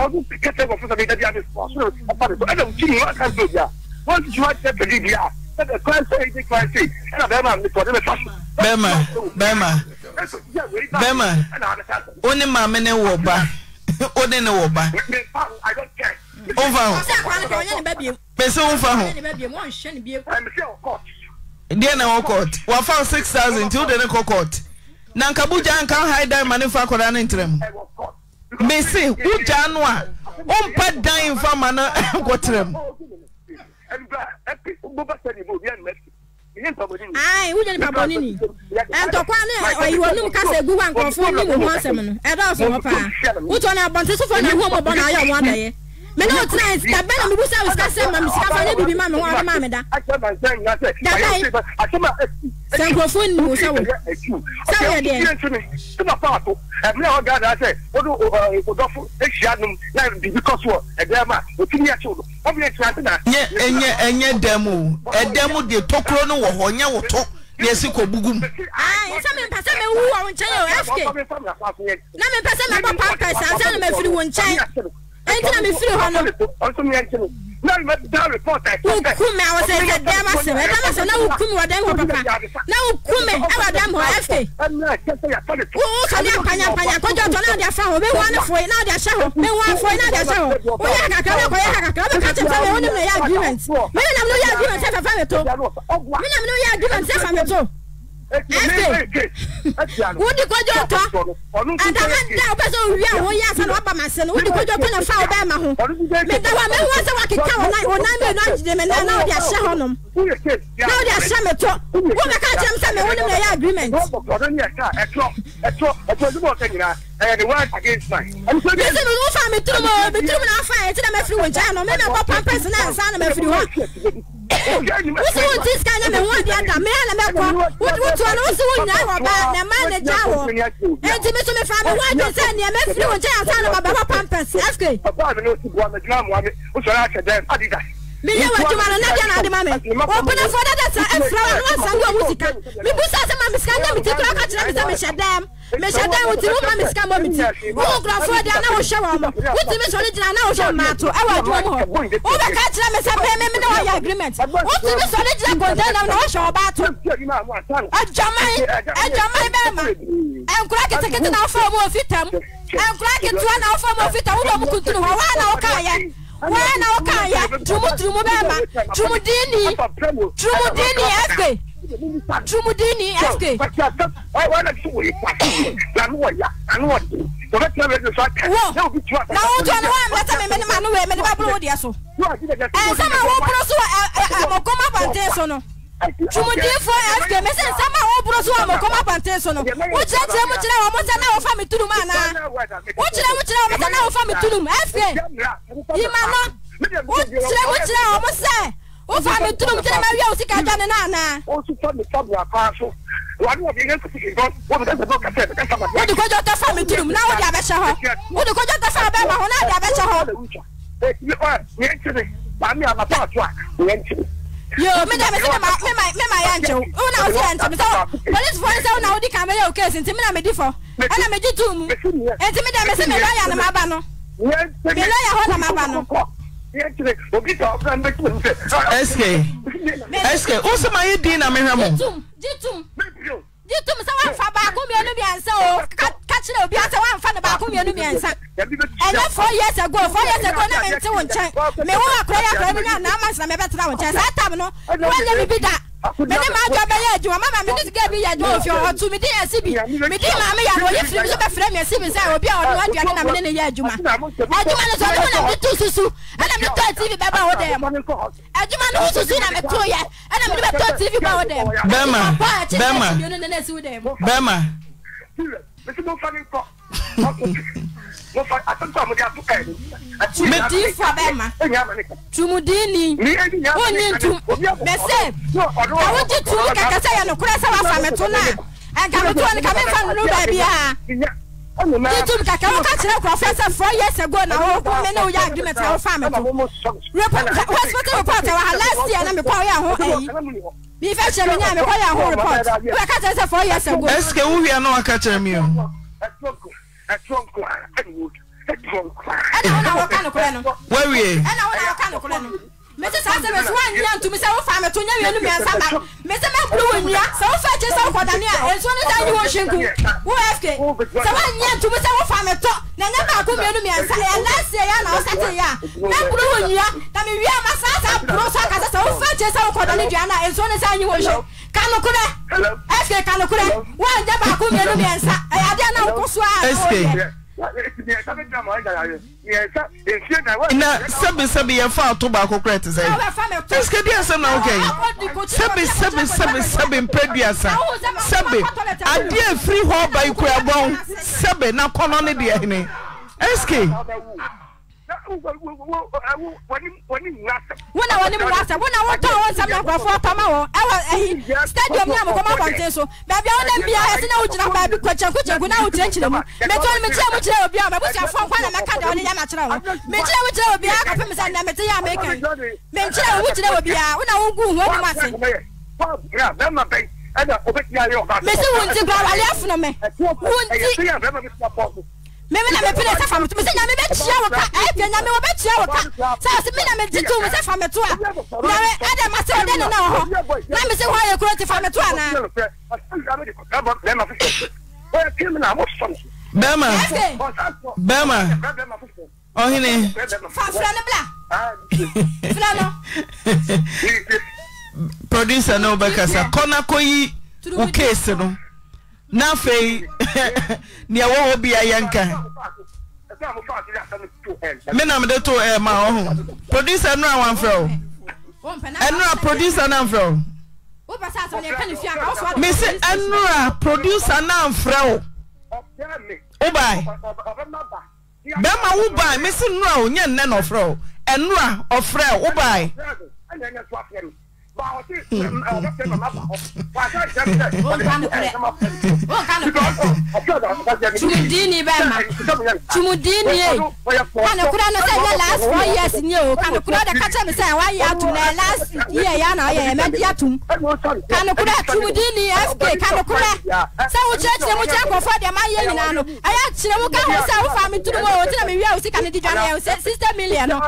ọdún kẹsẹ̀ bọ̀ fún sàbẹ̀ ìdájí àbí fún ọ̀ṣun ọ̀pá rẹ̀ ẹ̀dọ̀ tí mo wá ká ló yà wọ́n ti wá jẹ́ pẹ̀lú ìdí à ẹ̀dọ̀ kọ́ńsẹ̀ ìdí kọ́ńsẹ̀ ẹ̀dọ̀ bẹ́ẹ̀ máa mi tọ́ bẹ́ẹ̀ ma bẹ́ẹ̀ ma bẹ́ẹ̀ ma ó ní maame ne wọ̀ ba ó ní ne wọ̀ ba ó fa hàn pèsè ó fa hàn deɛ na ɛwɔ court wafa six thousand ti o de ne kɔ court na nkabuja nka high dan ma ne fa akwadaa ne ntrɛm mesi wogya no a ɔmpa dan nfa ma no nkɔ trɛm. ayi wúnyẹ nípa bọ nínú ẹntọkọ ní ọyìnbó nínú kásá egu wa nkọfọ nínú wọn sẹmu no ẹdọ ọsọ wọn paa wútọ ní abọntẹ sọfọ náà hu ọmọ bọ náà ayọ ọmọ mene o tena sika bɛna mebu sɛ wo sika sɛ ma me sika fa ne biribi ma me ho ade ma me da dabae sɛ nkurɔfoɔ nnim wo sɛ wo sɛ woyɛ deɛ ɛmɛ ɔ gada sɛ wodo ɔdɔfo ehyia nom na bibi kɔ so ɛdɛm a otumi ɛkyi wo ɔbi ɛkyi ase na. nye enye enye dɛm o ɛdɛm de tokuro no wɔ hɔ nye wotɔ na esi kɔ bugu mu. ayi sɛ mi mpɛ sɛ mi wu wɔ nkyɛn o fk na mi mpɛ sɛ mi bɔ pampers ansa na mi firi wɔ nkyɛn ẹni tí na mi firi hɔ no. ɔsùn mi ɛnkyɛn na mi ma da report ɛ. wò kú mi àwọn sɛ ɛdá dama sɛm ɛdá ma sɛm na wò kú mi wà dán wò papa na wò kú mi ɛwà dán wò ɛfɛ. wò wò kàní apanyapanya kọjá ọjọ náà di afa hɔ bẹ́ẹ̀ wọ́n fọ yìí náà di ahyɛ hɔ bẹ́ẹ̀ wọ́n fọ yìí náà di ahyɛ hɔ wò yà kàkà wò yà kàkà wò kàkà fẹ́ mi wọ́n ni mi yà agreement mi nà mi yà agreement ẹ̀ fẹ́ fẹ́ mi tó mi nà mi yà agreement ẹ̀ fẹ́ mi tó wodi kɔjɔ tɔ adama da o bɛ sɛ o wi a o yɛ asɛ na ɔba ma se no wodi kɔjɔ tɔ na fa o bɛɛ ma ho mɛ da hɔ mɛ hu sɛ wa keka o nan o nan bɛ yen n'a jide mɛ n'a o de ahyɛ hɔ nom n'a o de ahyɛ mɛ tɔ wo bɛ k'a kyerɛ mi sɛ mɛ wo ni mi na yɛ agreement ɛyɛ the word against my. ɛsɛ mi mo fa mi turu mo mi turu mo n'afa yɛ ti na mɛ firi wo gya no mi na bɔ pampers na nsa na mɛ firi hɔ. wosi wo nti sika nyɛ mi ho adi ada mi ana mɛ kɔ wotu ɔno wosi wo nyinaa wɔ ba na mma na gya wɔ eti mi so mi fa mi ho adi sɛ nea mɛ firi wo gya nsa na mɛ bɔ pampers ɛsike. ɔkọ mi ni o ti bu ɔmɛ gyina mu ami o sɔrɔ ahyɛ dɛm adi da meyɛ w'adwuma no na deɛ na ade ma me ɔbonafoɔ dada sa ɛfrɛ wa no ansane wɔ mu sika mebusa sɛ ma me sika nyɛ meti koraa ka kyerɛ me sɛ mehyɛ dɛm mehyɛ dan wo tiri woma me sika mɔ me ti wo nkurɔfoɔ deɛ na wohyɛ wɔ mo wotumi sɔre gyina na wohyɛ mmaato ɛwɔ adwuma mu hɔ wobɛka kyerɛ me sɛ pɛ me me ne wɔyɛ agreement wotumi sɔre gyina kɔntainam na wohyɛ ɔbaato adwaman adwaman bɛɛma ɛnkora ketekete na wofa mu ofitam ɛnkora ketewa na wofa mu ofitam wobɛ mu kuntunu hɔ waa na wokaayɛ waa na wokaayɛ tumu tumu bɛɛma tumu diini tumu diini ɛfɛ Trumudini SK. Wo na wo tuwa mi wa mbɛta mi mɛni ma nu wɛ mɛni ba bolo wo diɛ so. Ɛnsɛm a wo bolo so ɛmɔ kɔma bante so no. Trumudinfo SK mɛsɛ nsɛm a wo bolo so ɛmɔ kɔma bante so no. Wo kyerɛkyerɛ mu kyerɛ wɔn sɛ na wo fa mi tunu mu ana. Wo kyerɛ mu kyerɛ wɔn sɛ na wo fa mi tunu mu SK. Yimano wo kyerɛ mu kyerɛ wɔn sɛ wofa me tunum kyerɛ ma wia wo sika dwa ne no anaa wode kɔgya tɔ fa me tunum na wode abɛhyɛ hɔ wode kɔgya tɔ fa bɛma ho na wode abɛhyɛ hɔ yo mede mese mema yɛ nkyew wona wo sɛ ɛnte mesɛ policefoɔ o wona wodi ka mɛyɛ wo kase nti mena medi fɔ ɛna megye too mu enti mede mese melɔya na maba no melɔya hɔ na maba no SK SK wosɛ ma yɛ din na mehwɛ mo jitum sɛ wamfa baako mmienu mmiɛnsa o ka kyerɛ obi sɛ wamfa no baako mmienu mmiɛnsa ɛnyɛ four years ago four years ago na mente wo nkyɛn mewo akora yɛ akora bi nya anaa ma sena mɛbɛtena wo nkyɛn saa tam no woanyɛ bibi da mede maa dɔ bɛyɛ adwuma mama mede sika bi yɛ adwuma ofi ɔtu mede yɛ si bi mede maame yɛ no ɔyɛ firi mi so bɛfrɛ mi ɛsi mi sɛ obi a ɔno aduane na mene ne yɛ adwuma adwuma no so ɔno na mede to susu ɛna mede tɔ tv bɛba wo dɛm adwuma no susu na mede to yɛ ɛna mede bɛtɔ tv ba wo dɛm bɛma bɛma bɛma mo fa asem sɛ ɔmode ato ɛ medii fa bɛ ma tumudini wonni ntum bɛsɛ awogye tum kaka sɛ yɛ nokorɛ sɛ wafa me to no a ɛnka me to no ka memfa no no baabi a YouTube kaka wo ka kyerɛ kurɔfoɔ sɛ four years ago na wo ko me ne woyɛ agreement na wofa me to hospital report ɛwɔ ha last year na mepɔ woyɛ ho ayi mefɛ kyerɛ me nya mekɔ yɛ ho report wobɛka kyerɛ sɛ four years ago ɛsike wowiɛ na waka ɛtoɔ nko a ɛne wɔdu ɛtoɔ nko a ɛna wɔn na wɔka nokorɛ no wɔwie ɛna wɔn na wɔka nokorɛ no mese saa sɛ mese woannua ntumi sɛ wofa meto nyɛ wienu miɛnsa ma mese mɛboro wɔ nnua sɛ wofa akyi sɛ wokɔdane a ɛnsuo no saa nyi wɔ hyenku wo fk sɛ woannua ntumi sɛ wofa metɔ na ɛnyɛ baako mmienu miɛnsa ɛnanseɛ yɛ na wosɛteyɛ a mɛboro wɔ nnua na mewie ma saa saa boro so aka sɛ sɛ wofa akyi sɛ wokɔdane dua no a ɛnsuo no saa nyi wɔ hyen kanokorɛ fk kanokorɛ woanyɛ baako mmienu miɛnsa ɛyɛ adeɛ na wokɔ so a ɛwɔ yɛ na sɛbi sɛbi yɛ fa ato baako kura ti sɛ ɛsike di asɛm na ɔkɛ yi sɛbi sɛbi sɛbi sɛbi mpɛduasa sɛbi adeɛ efiri hɔ ɔba yi kura na kɔnɔ ne deɛ hene ɛsike wọn na wọn ni mu wá sẹ wọn na wọn tọ wọn nsẹm na nkurɔfoɔ pama wɔ ɛwɔ ɛyi stadium ní àmukɔ mọ kɔnten so baabi a wọn nam bi a yɛsɛ na wogyina baabi kɔkyɛnkɔkyɛnku na wokyerɛkyerɛ mu mɛtɔ ni mɛkyerɛ mu kyerɛ obi a mɛ busa fɔ nkwa na mɛka da ɔne yɛ mɛkyerɛ wo mɛkyerɛ mu kyerɛ obi a akɔpɛ mi sɛ nɛ mɛte yɛ amɛka yi mɛkyerɛ wo kyerɛ obi a wọn na wọn gu wọn mu ase. mɛsi wo nti kura wale afunamɛ wo nti mímí na mi pínlẹ̀ sẹ́ fàmì tó mi sẹ́ nyàmé bẹ́ kyia wò ká ẹ̀ fìyà nyàmé wò bẹ́ kyia wò ká sẹ́ ọ̀ na mi di tó mi sẹ́ tó a nyàmé ẹ̀ dẹ̀ ma sẹ́ ọ̀dẹ́ nínú ọ̀họ́ na mi sẹ́ wọ́n yẹ kúrò ti fàmì tó àná. bẹ́ẹ̀ma bẹ́ẹ̀ma ọ̀hínì. fa fúlẹ̀ ní bla [laughs] producer náà bẹ kasa kọ́nà kọ́ yí wò kéèsì náà na afei nea ɛwɔ hɔ bi ayɛ nka me na mede to ɛ ma ɔho producer nnora wamfrɛ wo ɛnora producer no amfrɛ wo mese ɛnora producer no amfrɛ wo wobae bɛrima wo bae mese nnora wo nyɛ nnɛ na ɔfrɛ wo ɛnora ɔfrɛ wo wobae ọba ọtí ọlọpẹ nọ lábà ọ wà á sá ìjẹ mi dẹ ìjọba mi ẹ ẹ má fẹ mi. tumudini bẹẹ ma tumudini ye kanukura ne sẹ yẹ last four years ni o kanukura de kakyɛ mi sɛ wa yɛ atum na last year yɛ na ɔyɛ ɛmɛ di atum kanukura tumudini fk kanukura sɛ wo kyerɛ kyerɛ mu kyerɛ nkɔfɔ deɛ ma yɛ nyinaa no ɛyɛ kyerɛ mu ka ho sɛ wo fa mi turu mu o tina mi wia o sika ne di dwa na yɛ o sɛ sixty million no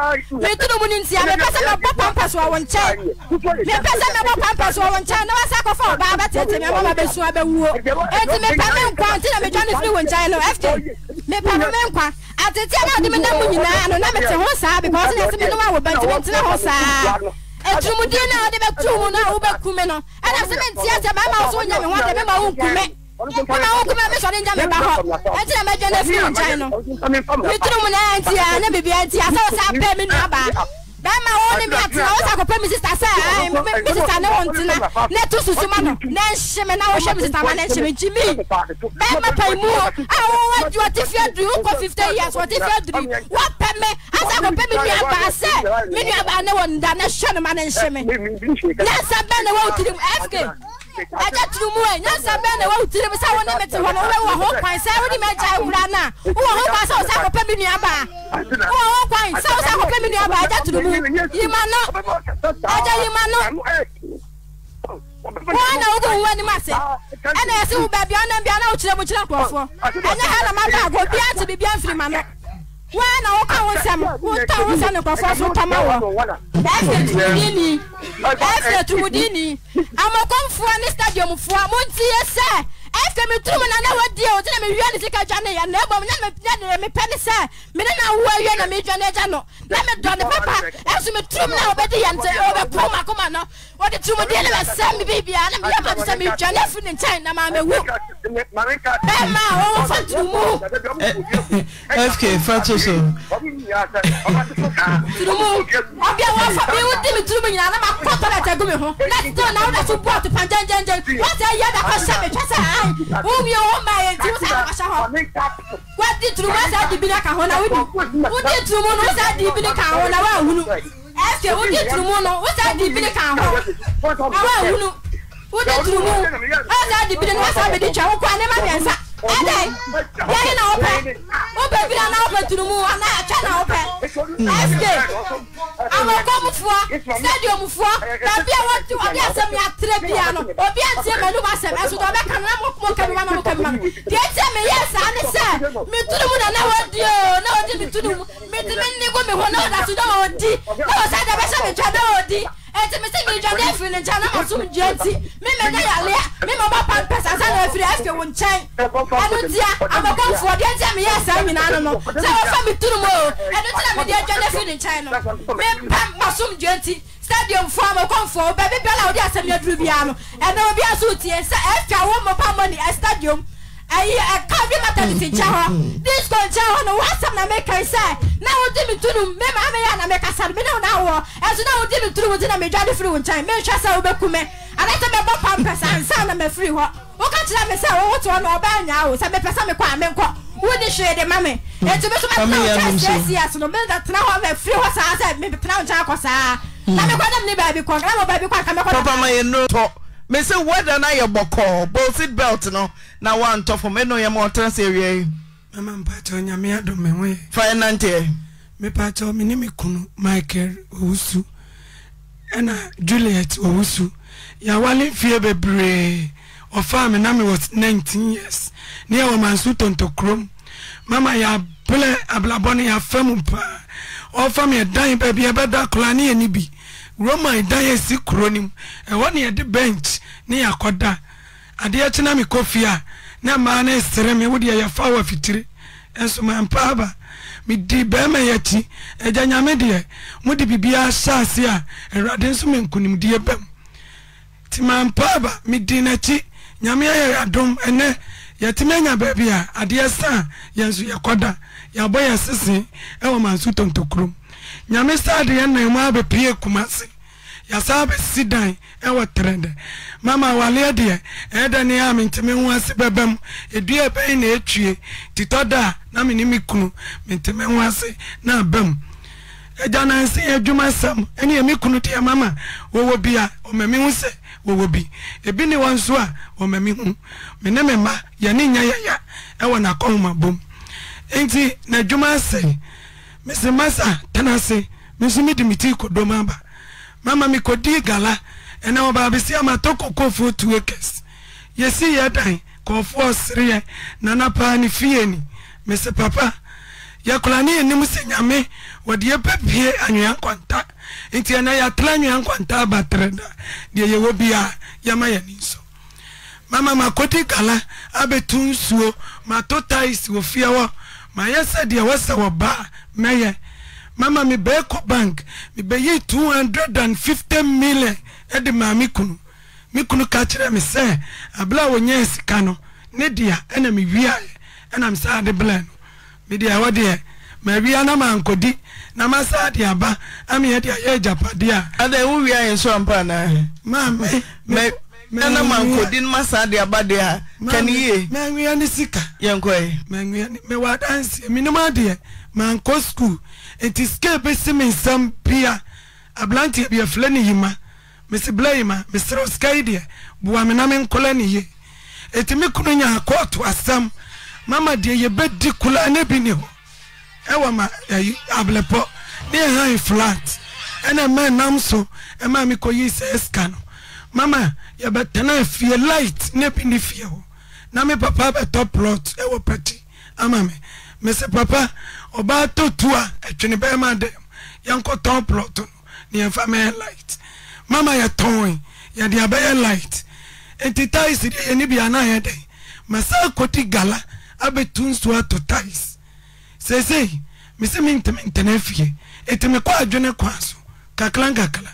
mi turu mu ni ntia mi pɛ sɛ mi bɔ pɔmpɛ so wɔ nkyɛn mi wopɛ sɛ mebɔ pampas wɔ wo nkyɛn na wasa kɔfa ɔbaa bɛtete me amama bɛsu abɛwuo enti mepɛ me nkwa nti na medwane firi wo nkyɛn no fj mepɛ no me nkwa atete na ɔde me nam mu nyinaa no na mete ho saa because na ɛsɛ me nom a wɔba nti mentena hɔ saa aturumudie na ɔde bɛtu mu na wobɛku me no ɛna sɛ mentia sɛ bɛma wo so wonya me ho dɛ mema wo nkume wona wo kuma me sɔre nya me ba hɔ ɛnti na mɛdwane afiri wo nkyɛn no meturu mu na ɛntia na biribiaa ntia sɛ wo saa pɛ me nuabaa bẹẹma wọn ni mi atena wọn sako pe mi sista sẹ ẹ mi sista ne wọn tena ne tu susu ma no ne n se mi na wọn se mi sista ma ne n se mi jimi bẹẹma pẹ mu o awọn wọn ju ọtí fi ẹdùn kọ fifty years ọtí fi ẹdùn wọn pẹ mi asako pe mi nua ba sẹ mi nua ba ne wọn da ne se mi ma ne n se mi ne sẹ bẹẹ ni wọn ti di mu ẹsike agya tunumu ɛ nyansa bɛɛ na wawu tiri mi sɛ wɔn ne mi ti hɔ no wɔn wɔ ho kwan sɛ wɔn ni mi agya ekura na wɔn ho kwan sɛ ɔsɛ akɔpɛ mi nua baa wɔn ho kwan sɛ ɔsɛ akɔpɛ mi nua baa agya tunumu yima no agya yima no wọn na ogun wọn anim ase ɛna yɛsi wo baabi ɔnam bi anaw kyerɛ mu kyerɛ nkurɔfoɔ ɛnyɛ ha na ma baago bi ati bibi afiri ma no. weɛna wɛnɔfɔ sow ama wɔ ɛɛmdin amkom foa ne stadiom foa muiye sɛ ɛsɛ mi turu mu na ne ho die o ti na mi wia ne sika dwa ne yɛ na ebom nyɛ ne ne mi pɛ ne sɛ mi ne na wo awia na mi dwa ne gya no na mi dɔ ne papa ɛsɛ mi turu mu na o bɛ di yɛn ntɛ o bɛ pɔn mu akoma no o de turu mu die ne bɛ sɛ mi bi bia na mi yɛ ma ti sɛ mi dwa ne fi ne nkyɛn na maa mi wu bɛɛ ma o wo fa tu mu. ɛsike fa to so. turumu ɔbia wo fa mi wo di mi turu mu nyinaa na ma kɔ tɔ na ɛtɛ gu mi ti to na o na so bɔ ɔtu jɛnjɛnjɛn wɔn wúbi owó mbà yẹn tí wọ́n you wàhyẹ hɔ wọ́n di turumu ẹ̀ sá di bi ní ka hɔ na wọ́n di wọ́n di turumu ní wọ́n sá di bi ní ka hɔ na wọ́n ahunu ɛsɛ wọ́n di turumu did you sá di bi ní ka hɔ na wọ́n ahunu wọ́n di turumu ẹ̀ sá di bi ní wọ́n sá bi di ɛdɛ yɛyi na wopɛ wopɛ bi na wopɛ tunumu ana atwa na wopɛ ɛsike awokɔmufoɔ stadiumfoɔ baabi a wɔtu ɔde asɛm yɛ atrɛ bia no obi antie ma anum asɛm ɛso deɛ ɔbɛka no na mo mo kɛmi ma na mo kɛmi ma no deɛ ɛkyɛ me yɛ saa ne sɛ me tunumu na na wɔdi o na wɔdi me tunumu me di me nnigu me ho na ɔda so na wɔdi na wɔsa deɛ bɛhyɛ me twa na wɔdi ɛti mi si mi dwa ne efiri ne nkyɛn na ma so ndua nti mi mi ne yale mi ma ba pampers asa na efiri efi wo nkyɛn ɛnu tia amakanfo ɔdi ɛti mi yɛ saa nyinaa no no sɛ wɔfa mi turu mu o ɛnu tia mi de dwa ne efiri ne nkyɛn no mi pa ma so ndua nti stadium fo amakanfo bɛbi bɛla ɔdi asɛm yɛ duro biara no ɛna obi aso tie sɛ ɛfi awo mo pa mo ni ɛ stadium ɛyi ɛka bi ma tɛbi ti nkyɛn hɔ disco nkyɛn hɔ no wasam oh. na mi kɛn sɛ na o di mi tunu mi maa mi yɛ na mi kasa mi ne o na wɔ ɛso na o di mi tunu ti na mi dwa de firi wo nkyɛn mi nhwɛ sɛ o bɛ ku mɛ anata mi bɔ pampers ansa na mi firi hɔ o ka kyerɛ mi sɛ o wotu hɔ na ɔbɛn nya o sɛ mi pɛ sɛ mi kɔ a mi nkɔ wo ni hwee de ma mi etu mi so mi tena o kyɛ siesie aso no mi na tena hɔ mɛ firi hɔ saa sɛ mi tena o nkyɛn akɔ saa na mi kɔ dɛm ni baabi kɔ na mo baabi kɔ aka mi papa ma ye nuro Me mesi weda na yɛ bɔkɔɔ bolsit belt no na wantɔ fam ɛna yɛ ma ɔtena sɛ awia yi. mama mpatsɛ onyame adome ho yɛ. fa yɛ nanteɛ. mepatsɛ me ne me kunu michael owusu ɛna uh, juliet owusu yàwálé fie bebree ɔfaa mi na mi was nineteen years ne yɛ wɔ mansu tontokurom mama yà abúlé abilabɔ ne yà fẹ́ mu paa ɔfam yɛ dan baabi ɛbɛda koraa ne yɛ ni bi. roman dan esi kuro nim ɛwɔ ne yɛde bench ne yɛakɔda adeɛ kyena me kɔ fie a na mmaa no sere me wodeɛ yɛfa wɔ afitire nso mampa aba medi bɛrima yɛ akyi agya nyame deɛ mode biribiaa hyɛ ase a awurade nso me nkonimdeɛ bɛm nti mampa aba medi n'akyi nyame ayɛ adom ɛnɛ yɛtumi anya baabi a adeɛ sa a yɛn nso yɛkɔda yɛabɔ yɛn sese ɛwɔ manso tontokurom nyame sade deɛ nam abɛpie kuma se yɛsa bɛsi dan ɛwɔ terɛ mama awaleɛ deɛ ɛɛdɛ ne a mentimi ho ase bɛbɛ ɛdua bɛyi na ɛtwie titɔ da a na mene me kunu mentimi ho ase na aba mu nanse adwuma sɛm ɛne ɛme kunu deɛ mama wɔwɔ bi a ɔma ho sɛ wɔwɔ bi ebi ne wɔn nso a ɔma me ho me ne mma yɛne nya yɛya ɛwɔ n'akɔhomabom nti n'adwuma asɛe mese masa tanase ase meso mede me tii kɔdɔm aba mama mekɔdii gala ɛna ɔbaabɛsi ama tɔ kɔkɔɔfoɔ two acres yɛsi yɛ dan kɔɔfoɔ sereɛ nana paa ne fie ni mese papa yɛkora ne yɛnim sɛ nyame wɔde yɛpɛ bie anwea nkɔnta nti ɛna yɛatra anwea nkɔnta abatere da deɛ yɛwɔ biaa yɛma yɛne nso mama makoti gala abɛtu nsuo mato tais wɔ fie mayɛ sɛ deɛ wɔsɛ wɔba mɛyɛ mama mebɛɛkɔ bank mebɛyi 250 hundred and million ɛde maa me kunu me kunu ka kyerɛ me sɛ abla a wɔnyɛ sika no ne dea ɛna mewiaɛ ɛna mesaa de blɛ no mede ɛwɔ deɛ mawia na mankɔdi na masa de aba ameyɛ de ayɛ agyapadeɛ a ɛdɛ wowiaɛ so ampa anaa mame ɛna mankodin din masa de abade de a kane yie manwea ne sika yɛnkɔɛ manwea ne me adanseɛ menim adeɛ mankɔ skul nti sika bɛsi me sam pia. Ablanti bi afilɛ ne yima mesi bla yima meserew sika yi deɛ boa me na menkɔlɛ ne yie ɛti me kunu nya akɔɔto asam. mama de deɛ yɛbɛdi kula ne bi ne hɔ ɛwɔ ma ayi ablɛpɔ ne yɛhan flat ɛna man nam so e ɛma mekɔyii sɛ ɛsika no mama yɛbɛtena fie light ne bi ne fie hɔ na me papa bɛtɔ plot ɛwɔ pɛti ama me mese papa ɔbaa tɔ tu a ɛtwene bɛyɛ ma dɛ yɛnkɔtɔn plot no ne yɛmfa mɛyɛ light mama yɛtɔn yɛde abɛyɛ light nti tais deɛ yɛne bi anaa yɛ dɛn masa akɔti gala abɛtu nsuo ato tais seesei mese mentimi ntena fie ɛti mekɔ adwene kwan so kakra nkakra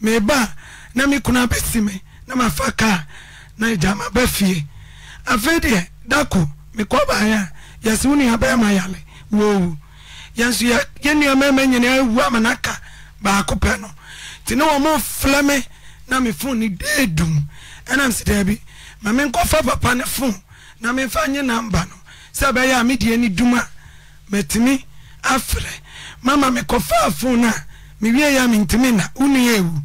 meba na mi kuna abɛsi me na mafa kaa e na gyama ba fie afei deɛ dako mekɔ baeɛ a yɛse wo nua bɛɛ ma yale wɔwu yɛnso yɛ nua mɛma nyinaa awu ama naka baako pɛ no nti ne wɔn me na me fon ne dee dum ɛna nsi daabi ma me nkɔfa papa ne fon na me nfa nye namba no sɛ bɛyɛ e a me deɛ ne duma mɛtumi afrɛ mama mekɔfa fon na me wie yɛ a me ntumi na wo nua ewu.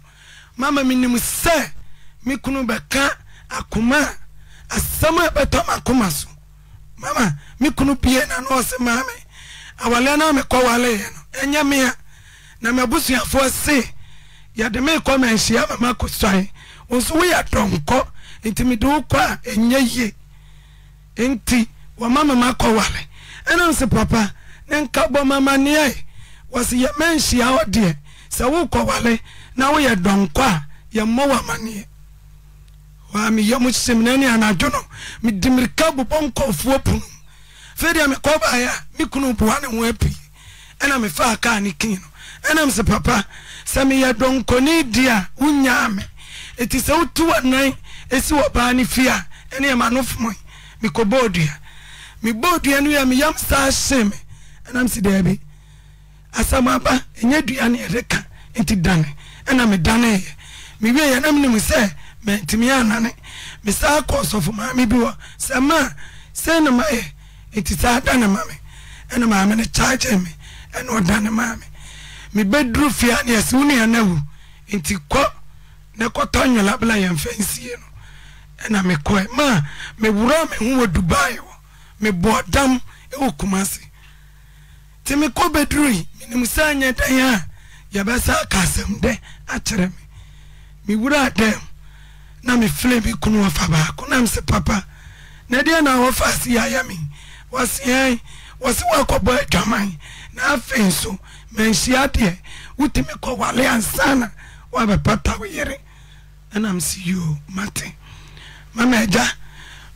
mama mi nim sɛ me kunu bɛka akoma asɛm a bɛtɔ m akoma so mama me kunu bie na na ɔsɛ maame awale na mekɔ waleɛ no ɛnyɛ mea na mabusuafoɔ se yɛde mekɔ manhyia mama kɔsɔe wo nso woyɛ dɔnkɔ nti mede wo kɔ a ɛnyɛ yie nti wɔma mama kɔ wale ɛnam sɛ papa ne nka bɔ mama wɔ se yɛ manhyia hɔ deɛ sɛ wokɔ wale na woyɛ dɔnkɔ a yɛmmɔ wɔ amanneɛ waa meyɛ mo semina ne anadwo no mede mirika bobɔ nkɔɔfoɔ puno afei deɛ mekɔbaeɛ a me kunu boa ne ho api ɛna mefaa kaa ne kii no ɛna sɛ papa sɛ meyɛ dɔnkɔne di a wonyaa me ɛti sɛ wotu nan ɛsi wɔ baa ne fie a ɛne ɛma no fomɔe mekɔbɔɔ dua mebɔɔ dua no yɛ meyam saa hye me ɛnam si daabi asɛm aba ɛnyɛ dua ne ɛde ka nti dane ɛna medaneeɛ mewieɛ na menim sɛ mantumi anane mesaa kɔ sɔfo maame bi wɔ sɛ ma e, e a sɛ na mayɛ nti saa da ne ma me ɛna maame e no kyaakye me ɛna ɔda ne maa me mebɛduru fie a ne yɛsɛ wo neɛ no awu nti kɔ na kɔtɔ nwala bla yɛmfa nsie no ɛna mekɔɛ ma mewura me ho wɔ dubai wɔ mebɔɔ dam ɛwɔ kumase nti mekɔ bɛdurui menim sɛ nyɛ dan a yɛbɛsa aka asɛm dɛ akyerɛ me mewura dɛm na mefile bi kunu ɔfa baako na mse papa na deɛ na wɔfa ase yɛayɛ me wɔseɛn wɔse woakɔbɔ adwaman na afei nso manhyia deɛ wotumi kɔwale ansa na woabɛpata wo yere ɛna mse yo mate mama agya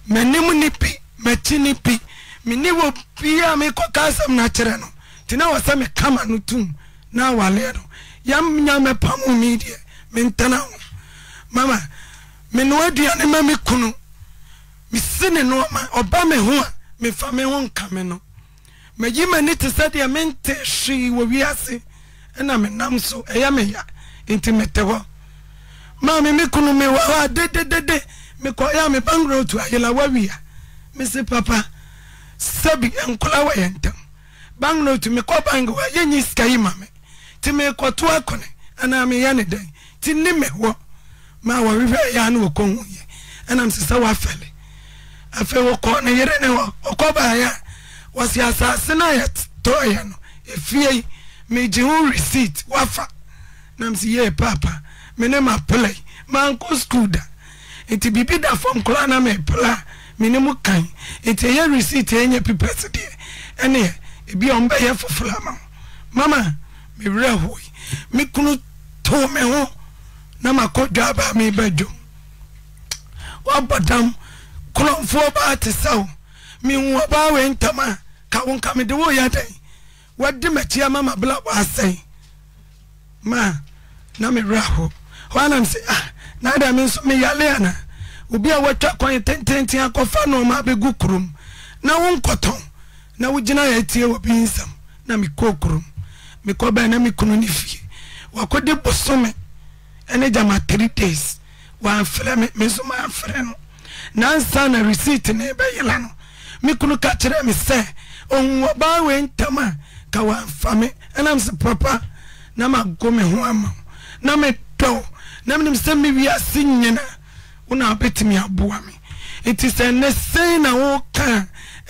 m'anim ne bi m'akyi ne pi mene wɔ bia mekɔka asɛm no akyerɛ no nti na wɔ sɛ mekama no tum na awaleɛ no nyame pamu mi deɛ mentana ho mama menoa aduane ma me kunu mesi ne noɔma ɔba me ho a mefa me ho nka me no mayi m'ani te sɛ deɛ mente hwee wɔ wiase ɛna menam so ɛyɛ me ya nti mete hɔ maame me kunu mewɔ hɔ a dededede mekɔyɛ a me bangoro tu ayelawa wia mese papa sɛbi nkora wɔ yɛ ntam bangro tu mekɔ bango a yɛnyi sika yi ma me ti mi kɔto akɔne anaa mi yɛ ne dɛn ti ni mi wɔ maa wɔhwehwɛ yɛ ano wɔ kɔn yɛ ɛnam sisan wafɛle afei wɔkɔ ne yere ne wɔ wɔkɔ baayɛ wɔsi asase na yɛ tɔɔ yɛ no efie yi mi gye ho receipt wafa nam si yɛ paapa mi ne ma pele maa nko school da nti e bibi da fam koraa na mi pele mi ne mu kan nti e ɛyɛ receipt yɛ e nye pipɛsi deɛ ɛne yɛ ebi a wɔn bɛyɛ foforɔ ama mama. mewerɛ hoe me kunu to me ho na makɔdwa aba mebɛdwo woabɔdam korɔmfoɔ baa te sɛ wo mehu ɔbaa wei ntam a ka wo nka mede woyɛ dɛn wɔde m'akyi ama mabla wɔasɛe ma na mewerɛ ho wanam sɛ ah na ada me nso meyale ana obi a watwa kwan tententen akɔfa nɔɔma abɛgu kurom na wonkɔtɔn na wogyina yɛ tie wɔ bi nsɛm na mekɔɔ kurom mekɔ bɛɛ na mekunu ne fie wakɔde bosome ɛne gyama three days wamfrɛ me me nso maamfrɛ no nansa na receipt ne bɛyela no mekunu ka kyerɛ me sɛ ɔhu ɔbaa wei ntam a ka wamfa me ɛnam sɛ papa na mago me ho ama na medɔ na menim sɛ mewiase nyina wona wobɛtumi aboa me nti sɛ nnɛ sei na woka a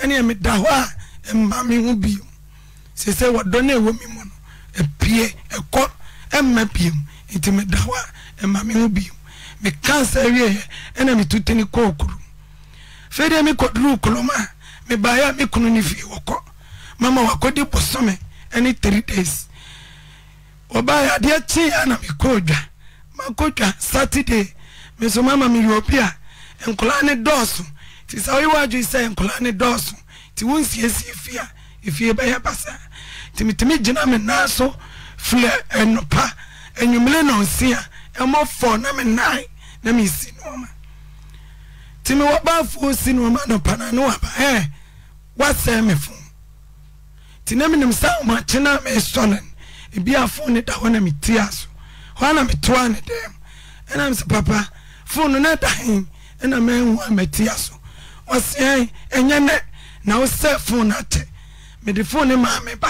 ɛneɛ meda hɔ a mma me ho bio sɛ sɛ wɔdɔ no ɛwɔ me mu no epie ɛkɔ ɛmma biem nti me dawa ɛma me ho biem me kansa awieɛ ɛna me tutani kɔɔ kurom fei deɛ mekɔduru kolom a mebaeɛ a me kunu ne fie wɔkɔ mama wakɔdi bosome ɛne three days ɔbaeɛ adeɛ kyeeɛ a na mekɔɔ dwa makɔ dwa saturday me so mama meyɛ obi a nkɔlaa ne dɔɔso nti sɛ woyɛ wɔ adwene sɛ nkɔlaa ne dɔɔso nti wonsiesie fie a ɛfie bɛyɛ basaa timitimi gyina me nan so filɛ ɛnopa enyimire na nsia ɛmɔ fɔ na me nan na mi si nneɛma timi wɔbaafoɔ si nneɛma nopa na ne waba ɛɛ wasɛn me fun ti na me nim sa ɔmo akyi na me sɔ no ebi afo ni da hɔ na mi ti aso hɔ na mi toa ne dɛm ɛna me sɛ papa fone no da hen ɛna me hu a me tia so ɔsɛn ɛnyɛ nɛ na ɔsɛ fone no atɛ mede fone ne maa me ba.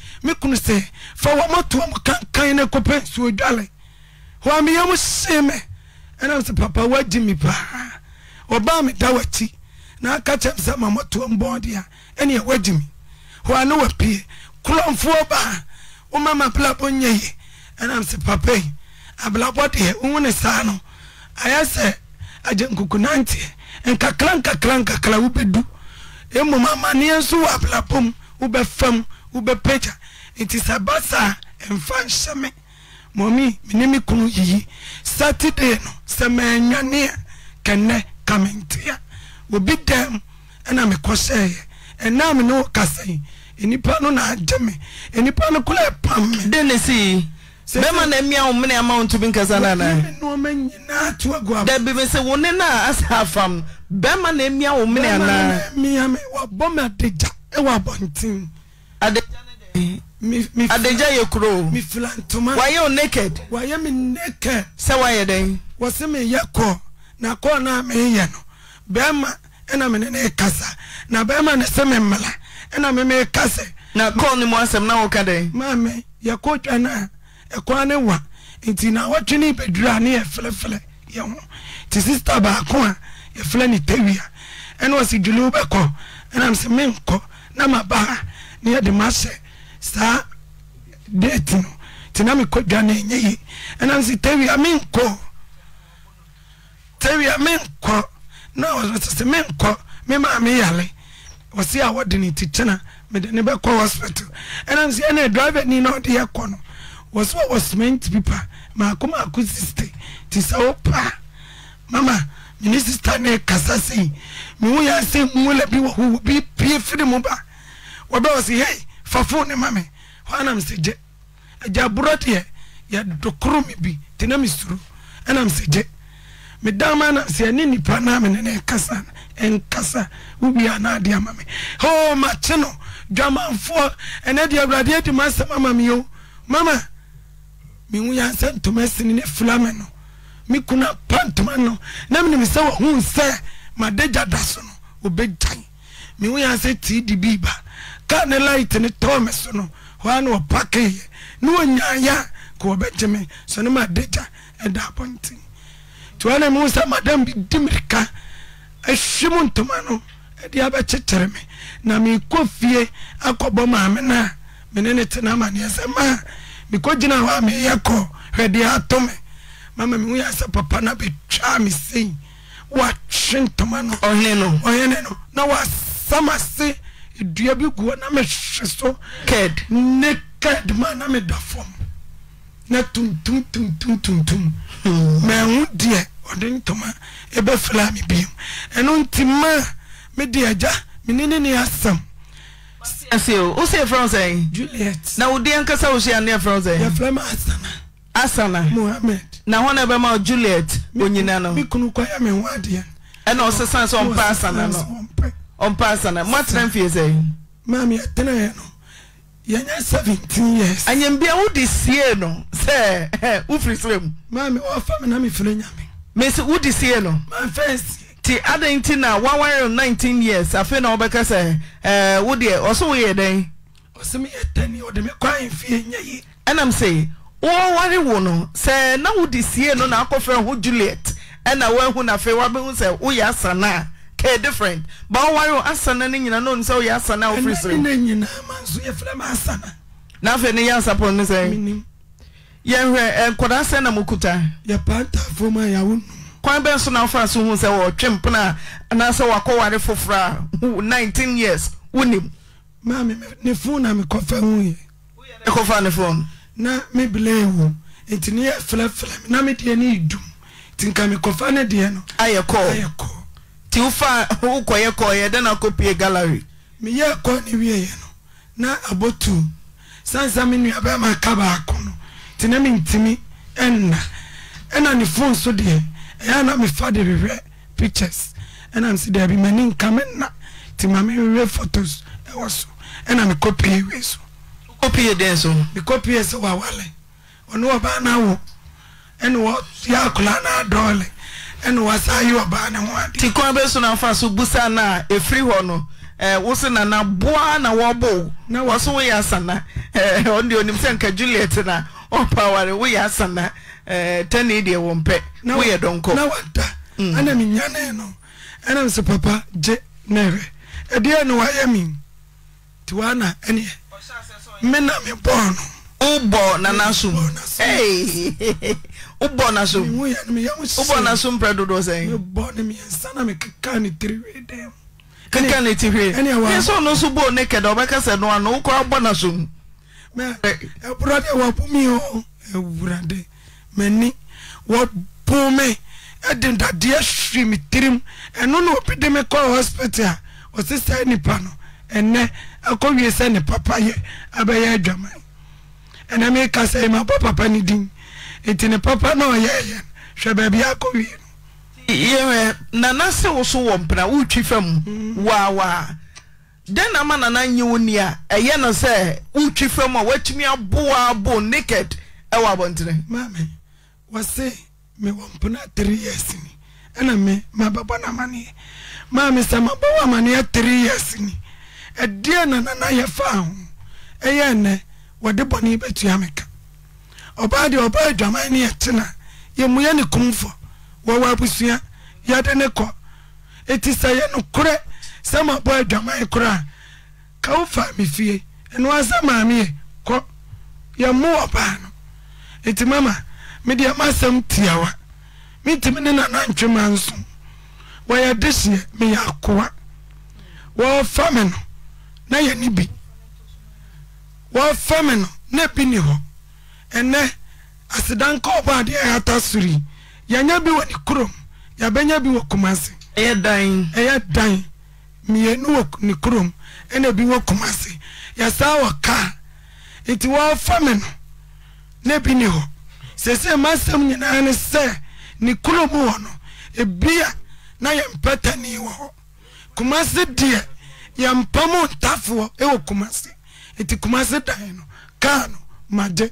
me kunu sɛ fa wɔmɔtoa mu kankan no kɔpɛ nsuo dwale hɔ a meyɛ mu se me ɛnam sɛ papa wa woagye me paa ɔbaa mi da w'akyi na aka kyɛm sɛ ma mɔtoa mu bɔɔde a ɛneɛ woagye me hɔ a ne wapie korɔmfoɔ baa woma ma abrabɔ nyɛ yi ɛnam sɛ papa yi abrabɔ deɛ wohu ne saa no ayɛ sɛ agye nkokonanteɛ nkakra nkakra nkakra wobɛdu mmom amanneɛ nso wɔ abrabɔ mu wobɛfam wobɛpagya nti sɛ basa mfa nhyɛ me mɔmi mene me kunu yiyi saturday no sɛ maanwane kɛnɛ kamentea obi dɛm ɛna mekɔhyɛeɛ ɛna me ne wo kasa yi no na agye me nnipa no kola ɛpam me de ne sii bɛma na mmea wo mene ama wo ntumi nkasa no anaa me sɛ wo ne no a asa afam bɛma na mmea wo mene anaa mmea me wabɔ me adagya ɛwɔ abɔnten adagya ne dɛ adagya yɛ kuro mi mefila ntoma wayɛ o naked wayɛ mi naked sɛ wayɛ dɛn wɔse meyɛ kɔ na kɔɔ na a meyɛ no bɛrima ɛna mene ne kasa na bɛrima ne se me mmala ɛna me me kasa na kɔɔ ni mu asɛm na o woka dɛn maame yɛkɔ twa no e a ɛkɔa ne wa nti na wɔtwe ne bɛdura ne yɛfrɛfrɛ yɛ ho nti sista baako a yɛfrɛ ne tawia ɛna wɔse dwule wobɛkɔ ɛna m sɛ menkɔ na ma mabaa ne ma mahyɛ saa deeti no tena mekɔ dwane ɛnyɛ yi ɛnam sɛ tawia menkɔ tawia menkɔ na ɔsɛ menkɔ me yale meyale ɔse a wɔde ne ti kyena mede ne bɛkɔ hospital ɛnam nsi ɛna driver ni na ɔde yɛkɔ no wɔsɛ wɔwɔ cement pipa maako maako siste te sɛ wo paa mama mene sister ne kasa sei mewo yɛ sɛ nwula bi wɔ ho bi pie firi mu ba wɔbɛ wɔ se hei fafo ne ma me hɔ anam sɛ gye agya borɔ deɛ yɛdokoro me bi te na mesuro ɛnam sɛ gye meda ma anam sɛ ɛne nipa na me ne ne ɛkasa ɛnkasa wobia na ade ama me ho makye no dwamanfoɔ ɛnɛ deɛ awurade adi ma asɛm ama me o mama mehu yɛ sɛ ntoma sini ne fila me no me kuna pa ntoma no na menim sɛ wɔhu sɛ madagya da so no wɔbɛgyan mehu yɛ sɛ tii di bi ba kane light ne tome me so no hɔ na wɔpakeeɛ ne wɔnyaayɛ ka wɔbɛgye me so ne ma data ɛda abɔnten nti hɔ na mu madam bi di mirika ahwɛ ntoma no ɛde abɛkyekyere me na meekɔ fie akɔbɔ maame no a mene ne tena amanneɛ sɛ maa mekɔgyina jina a meyɛ kɔ hwɛ deɛ atɔ me mama mehu yɛ sɛ papa no bɛtwaa me sei wɔatwe ntoma no ɔhene no ɔhene no na wɔasam ase d ne mee hmm. so ne na da o e e siese dee en e inaeea e ɔmpasana moatena Maami sɛ ya no yɛnya 17 years anyambia wode sie no sɛ wofiri serɛ mu mame wɔfa me na mefirɛ nyame mesi wode sie no na waware 19 years afe na ụdị. sɛ ɛɛ wodeɛ ɔso woyɛ dɛn ɔsɛmeyɛ tani ɔde me kwan mfie yi m no na wode sie no na juliet kɛ different But why you asana ne nyina na onu sɛ woyɛ asana a wofiri na ɛnɛ nyinaa ma nso yɛfrɛ ma asana na afei ne yɛ asapɔ ne sɛ kwa da sɛ na Ya panta fuma ya unu. Kwa mbe su na wofa so hu sɛ wɔtwe mpena anaasɛ wakɔware wale fufra. 19 years wonim Mami, ni fon na kofa ho yɛ ɛkɔfa ni fon na mebilɛɛ wo nti ne ya frɛfrɛ me na mi tiye ni idu. Tinka mi kofa ne deɛ no Ayako. Ayako. ayɛ ti wofa wokɔyɛ kɔɔyɛ dɛn na kɔpie gallery meyɛ kɔ ne wieɛ no na abɔtu sansa me nua bɛma ka baako no nti na mentimi ɛnna ɛna ne phone so deɛ ɛyɛ na mefa de rehwɛ pictures ɛna msi daabi m'ani nka me nna nti ma mehwehwɛ photos ɛwɔ so ɛna mekɔpie wei so kɔpie dɛn so mekɔpie sɛ wawale ɔne wɔbaa no awo ɛne wɔyɛ akola no adɔɔle ɛna wasa yi ɔbaa ne ho adi. ti kwan bɛ so na fa so busa na efiri hɔ no ɛɛ eh, wosi na na boa na wɔbɔ na wɔso woyɛ asana ɛɛ eh, ɔno onim sɛ nka juliet na ɔpa aware woyɛ asana ɛɛ eh, tɛni deɛ wɔn pɛ woyɛ dɔnkɔ. na wada mm. ɛna mi nya ne no ɛna mi sɛ papa gye ne yɛrɛ ɛdeɛ na wayɛ mi ti wa na ɛneɛ mi na mi bɔɔ no. o bɔ nana so. ɛɛ. wobɔ na so wobɔ na so mprɛ dodoɔ sɛn keka ne ti hwee ɛsɛ ɔno nso bɔɔ ne kɛdɛ ɔbɛka sɛ no ano wokɔ abɔ na so mu awurade wapo mi hɔ awurade m'ani wapo me ɛde dadeɛ hwiri me tirim ɛno na obi de me kɔɔ hospital a ɔse sɛ nipa no ɛnɛ akɔwie sɛ ne papa yɛ abɛyɛ adwaman ɛnɛ meka sɛ mabɔ papa ne din nti ne papa na ɔyɛyɛ hwɛ baabi akɔ wie no nana sɛ wo so wɔ mpena wotwi fam waawaa mm. dɛn na ma nana nye wo ni a ɛyɛ no sɛ wotwi fam a woatumi aboa abo naked ɛwɔ abɔntene maame wɔse mewɔ mpena three years ni ɛna me mabɛbɔ no amanneɛ maame sɛ mabɔ wɔ amanneɛ three years ni ɛdeɛ na nana yɛfaa ho ɛyɛ nnɛ wɔde bɔne bɛtua me ka ɔbaa deɛ ɔbaa adwaman ne yɛtena yɛmuyɛ ne kumfo wɔwɔ abusua yɛde ne kɔ eti sɛ yɛ nokorɛ sɛ ma bɔ adwaman koraa ka wo fa me fie ɛno asɛ maame yɛ kɔ yɛmo ɔbaa no eti mama mede ɛma asɛm tiawa metumi ne nanantwema nso wɔyɛ dehyeɛ meyɛ akoa wɔɔfa me no na yɛ ne bi wɔɔfa me no na bi ni hɔ ene asidan ɔbɔ adeɛ a yɛata suri yi yɛnyɛ bi wɔ ne kurom yɛbɛnya bi wɔ kumase ɛyɛ dan ɛyɛ dan mmienu wɔ ne kurom ɛna bi wɔ kumase yɛsan wɔ kaa nti wɔɔfa me no na bi ne hɔ sese masɛm nyinaa ne sɛ ne kurom wɔ no ebia na yɛ mpɛtani wɔ hɔ kumase deɛ yɛ mpamu ntafoɔ ɛwɔ kumase nti kumase dan no kaa no magye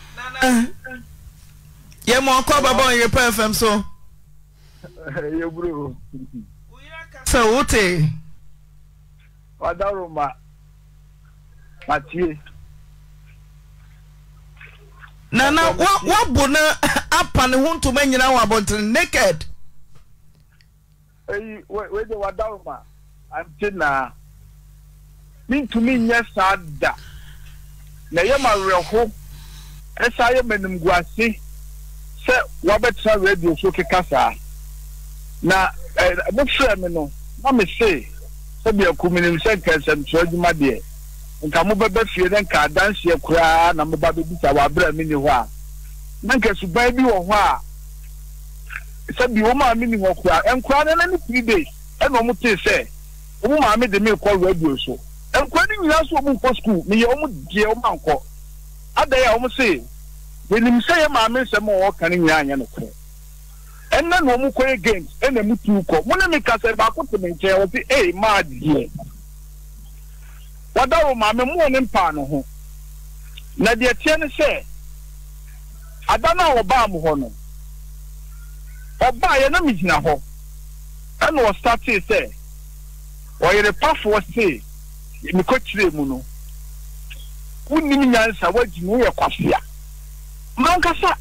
yẹ mọ ọkọ bàbá òun yẹ pẹ fm so. yẹ buru. sọ wò tè. ọ̀dọ́rùn ma ma tie. nana wabu na [coughs] apa ne ho ntoma nyina wɔ abɔnten naked. eyi wei de wadarun ma ante na mi ntumi nyɛ saa da na yɛ ma werɛ ho. ɛsɛ ayɛ mmanimguase sɛ wabɛtena radio so keka saa na eh, mofrɛ me no na mese sɛdeɛ kuminim sɛ nkɛnsɛmtoa adwuma deɛ nka fie ne nka adanseɛ koraa na moba bɛbisa wɔaberɛ me ni hɔ a na nka suban bi wɔ hɔ a sɛbi wɔn maame ni hɔ koraa nkora no nane three days ɛna wɔn tee sɛ wɔn maame de me kɔ radio so nkora no nyinaa so wɔn nkɔ sukuu meyɛ wɔn deɛ wɔn ankɔ a wɔn se yɛnim sɛ yɛ maame nsɛm a wɔka no nyinaa anyɛ no korɔ ɛnna na ɔmo kɔyɛ games ɛna mu tu kɔ mo ne mi kasa baako te me nkyɛn wɔsi ee maa deɛ wada wɔ maame mo wɔ ne mpaa no ho na deɛ teɛ ne sɛ ada no a wɔbaa mo hɔ no ɔbaa yɛ na mi gyina hɔ ɛna ɔstatee sɛ ɔyere pafoɔ se mekɔ kyerɛ mu no wonim nyansa woagyi mu woyɛ mankasa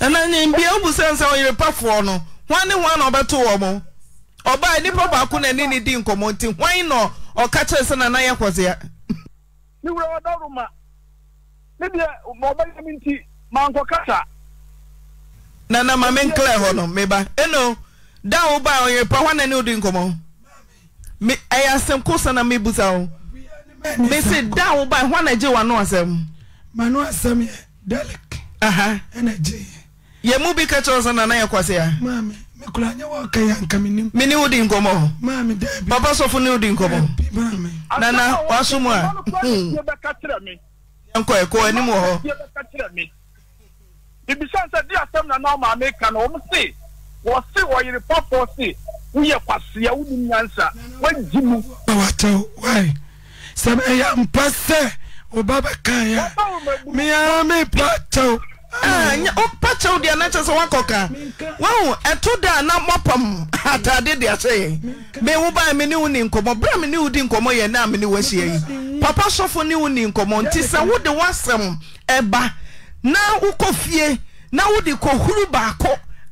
ɛna nyimbia wobu sɛ sɛ ɔyerepafoɔ no hwan ne hwan na ɔbɛto wɔ mo ɔbaa nipa baako na ɛne ne di nkɔmmɔ nti hwan na ɔka kyerɛ sɛ nana yɛ kɔsea ne wura ɔdɔro ma ne deɛ ɔbɛyɛ me nti mankɔ kasa nana ma me nklɛ hɔ no meba ɛno da baa ɔyerepa hwan na ne wodi nkɔmmɔ ɛyɛ asɛmko na mebusa wo mese da wo baa hwan na gye w'ano asɛm dalek ɛna gye yɛ mu bi ka kyerɛ sɛ nana yɛ kwase a maame mekura nyɛ wɔka yɛ anka menim mene wodi nkɔmmɔ maame dabi papa sɔfo ne wodi nkɔmmɔ nana waso mu a yɛnkɔ ɛkɔ anim wɔ hɔ ibisan sɛ di asɛm na na ɔmaame ka no ɔm se wɔse wɔyere pɔpɔ se woyɛ kwasea wonim nyansa woagyi mu na wakyɛw wae sɛ ɛyɛ mpa b bka eara meppakyɛw ah, deɛ ana kyɛ sɛ woakɔka waw ɛto da a na mapam [laughs] ataade de ahyɛ yɛi me wo baa mene wo ni nkɔmmɔ berɛ a mene wo di nkɔmmɔ yɛ na a mene wa ahyiayi papa sɔfo ne wo ni nkɔmmɔ nti sɛ wode woasɛm ɛba na wokɔ fie na wode kɔhuru baakɔ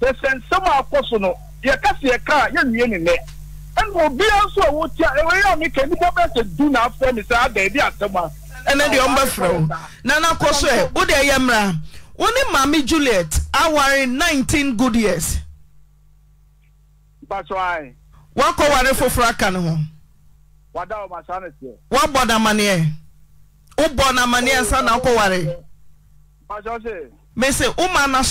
dɛsɛnsɛm a akɔ so no yɛka se yɛka a yɛnwie nso a wotia a meka nipa bɛ du na afrɛ me sɛ ada ebi asɛm a ɛnɛ deɛ ɔmbɛfrɛ wo nana kɔ so ɛ wode ɛyɛ mmara wo juliet good years foforɔ aka ne ho namaneɛ wobɔ namaneɛ nsa na mese na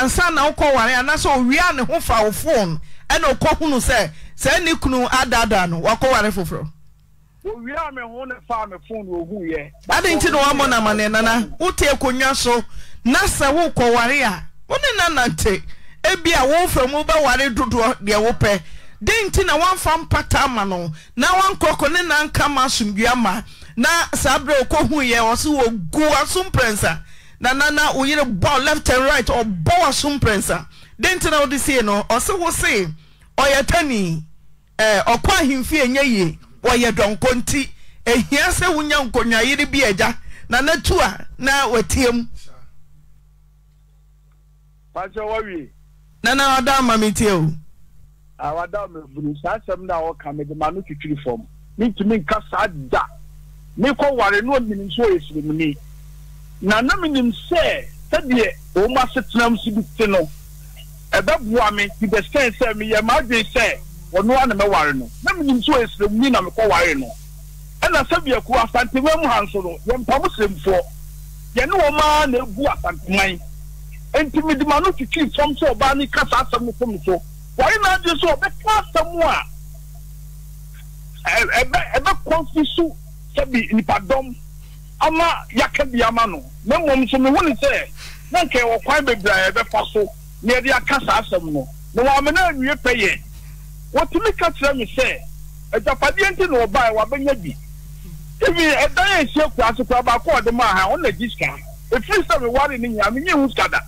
ansa na wokɔware anasɛ owia ne ho fa wo fon ɛna ɔkɔhunu sɛ saa ne kunu adaadaa no wakɔware foforɔ ade nti na woamɔ no amanneɛ nana wote ekonwa so na sɛ worekɔware a wo ne ebi a ebia wofa mu wobɛware dodoɔ deɛ wopɛ den nti na woamfa mpata ama no na woankɔkɔ ne nanka ma asomdua ma na saa berɛ okɔhuiɛ ɔ se gu aso mprɛnsa na na na yere bɔa left and right ɔbɔw asomprɛnsa dɛn nti na wode ah, see no ɔse wo se ɔyɛ tani ɔkɔ ahemfi ɛnya yie wɔyɛ dɔnkɔ nti ahia sɛ wonya yiri bi agya na natu a na watiam nana wada ma metie o wada mabunu saa asɛm no a wɔka mede ma no twitwiri fam mentumi nka saa da mekɔ ware no ɔnim nso ɔyɛ siremuni na na menim sɛ sɛdeɛ wɔn asetenam so bi te no ɛbɛboa e me to the extent sɛ meyɛ m'adwene sɛ wɔno a na mɛware no na menim sɛ ɔyɛ e srɛmuni na mekɔware no ɛna e sɛbea ku asantema mu ha nso no yɛmpam srɛmfoɔ yɛne wɔn ara na ebu asanteman nti mede ma no twitwi fam sɛ ɔbaa no kasa asɛm no fam so wɔre na adwene sɛ ɔbɛka asɛm a ɛbɛ ɛbɛ kɔnfi so sɛbi nipadɔm ama yaka bi ama no na mmom nso mehu ne sɛ na nka ɛwɔ kwan bebree a yɛbɛfa so na yɛde aka saa asɛm no na wɔamena awie pɛyɛ wɔtumi ka kyerɛ me sɛ agyapadeɛ nti na wɔbae wɔabɛnya bi ebi ɛdan a ɛsi akura ase kora baako a ɔde mu aha ɔna gyi sika efiri sɛ meware ne nyinaa menye hu sika da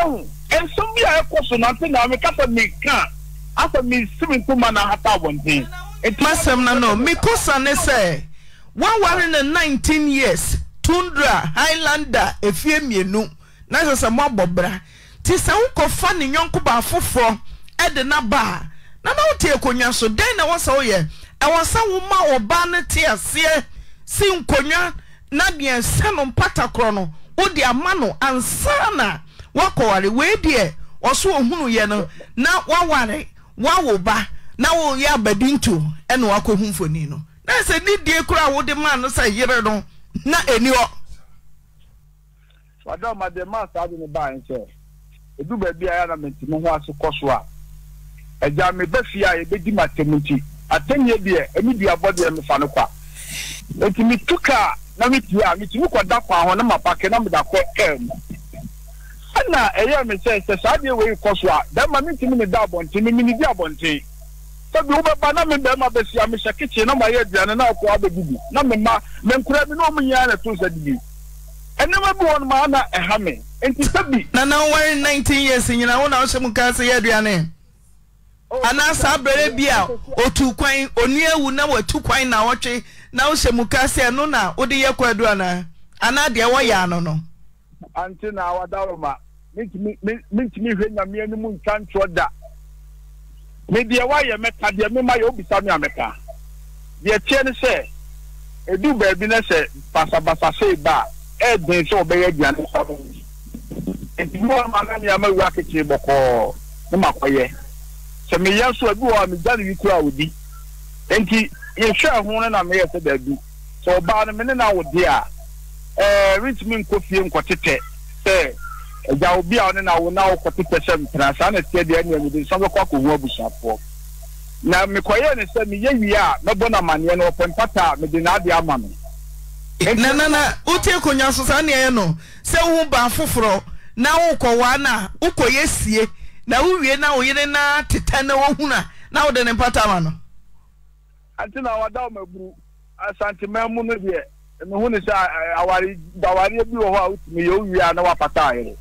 ɛhu nsɛm bi a ɛkɔ so nante na mekasa meka asɛ mesi me ntoma na ahata abɔnten. masɛm na no mikosa ne sɛ woaware no 19 years tundra highlanda afie mmienu na sɛ sɛ moabɔ bra nti sɛ wokɔfa ne nwɔnko ba foforɔ de na baa na na woteɛ konnwa so dɛn na wosɛ woyɛ ɛwɔ sa woma ɔ ba no te aseɛ si nkowa nadea siɛ no mpatakorɔ no wode ama no ansa no woakɔware weideɛ ɔso ɔhunu no na waware wawo ba na woeyɛ abadint na akɔhumfni no na sɛ ne die koraa wode maa no sɛ yere no na ɛni hɔ wadɔmade ma saa de ne baɛ sɛ ɛdu baabi a ɛana mentimi ho ase so a agya meba fie a yɛbɛdi m atɛm nti atɛmyɛ deɛ ɛme duabɔ deɛ mefa no kwa na metie a metumi kɔda na mapake na meda kɔ kaa mu ɛna ɛyɛ me sɛ sɛ saa deɛ wei kɔ so a dɛma mentumi ne da abɔnten memene di ebi wobɛba na membɛrima bɛsia mehyɛ kitchen na mayɛ aduane na akoa bɛdidi na mema menkura bi na ɔmu nyinaa na ɛto nsa didi ɛnneɛma bi wɔ no maa na ɛha me nti sɛ nana woware 19 years nyina wo na wohyɛ mu kaa sɛ yɛ aduane oh. anaa saa berɛ bi a ɔtu kwan ɔni ewu na watu kwan na wɔtwe na wohyɛ mu kaa sɛ ɛno na wode yɛ kɔ adu Ana anaa deɛ wɔyɛ ano no ante na awa wɔ ma mentumi hwɛ nyameɛ no mu ntwa ntoɔ da me deɛ wayɛ mɛka deɛ mema yɛ obisa me a mɛka deɛ teɛ ne sɛ edu baabi na sɛ basabasa sei ba a ɛɛden sɛ ɔbɛyɛ aduane sabu nti mu ama na nneɛma wura kekere bɔkɔɔ ne ma kɔyɛ sɛ meyɛ nso ebi wɔ a megya ne yi kura a odi nti yɛhwɛ ho no na meyɛ sɛ baabi sɛ ɔbaa no me ne na awo deɛ a ɛɛ rintumi nkɔ fie nkɔ tetɛ sɛ. ɛgya obi a ɔne na na wokɔte pɛ sɛ mpena saa na deɛ mede bɛkɔ akɔhu abusuafoɔ na mekɔyɛɛ ne sɛ meyɛ a mɛbɔ no amanneɛ no a mede ama eh, nanana wotie akonnwa so saa neɛɛ no sɛ foforɔ na wokɔwaa no a wokɔyɛ sie na wowie na na teta na woahunu a na wode ne mpata ama no ante na wada wo maburu asantema mu no deɛ mehu ne sɛ bi wɔ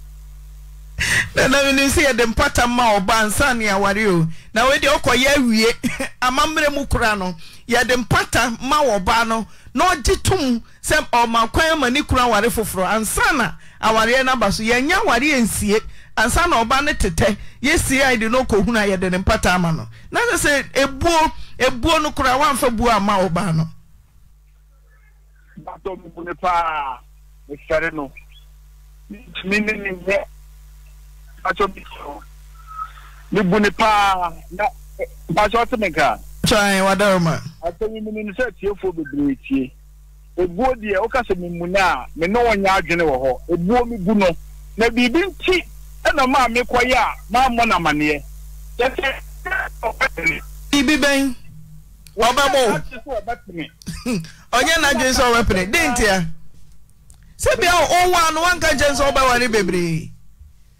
nanamnim sɛ yɛde mpata ma ɔba nsa ne aware o na weide ɔkɔyɛ awie [laughs] amammerɛ mu kora no yɛde mpata ma wɔba no na ɔgye tom sɛ ɔma kwan ama ne kura aware foforɔ ansa na awareɛ no aba so yɛnyɛ awareɛ nsie ansa na ɔba no tetɛ yɛsie a yɛde no ɔkɔhunu a yɛde ne mpata ama no na sɛ sɛ ebuo ebuo no kora wamfa buo ama ɔba no batɔ mu ne paa mefɛre no mentumi ne ne nyɛ mpatsɔ bi sɔrɔ ọ bu ne ọ na mpatsɔ ti mi ka. kyan wadaro ma. asɛnni mi ni sɛ o bebree tie ebuo ọ ɔkasa mi mu na mi ne wɔn nyɛ adwene wɔ hɔ ebuo mi bu no na biribi nti ɛna maa mi kɔ yɛ a maa mɔ na amaneɛ kyɛsɛ ɔbɛtene. ibi bɛn ɔbɛbɔ o ɔnyɛ n'adwene sɛ ɔbɛpene den tia sɛbi a ɔwɔ ano wanka kyɛn sɛ ɔbɛwale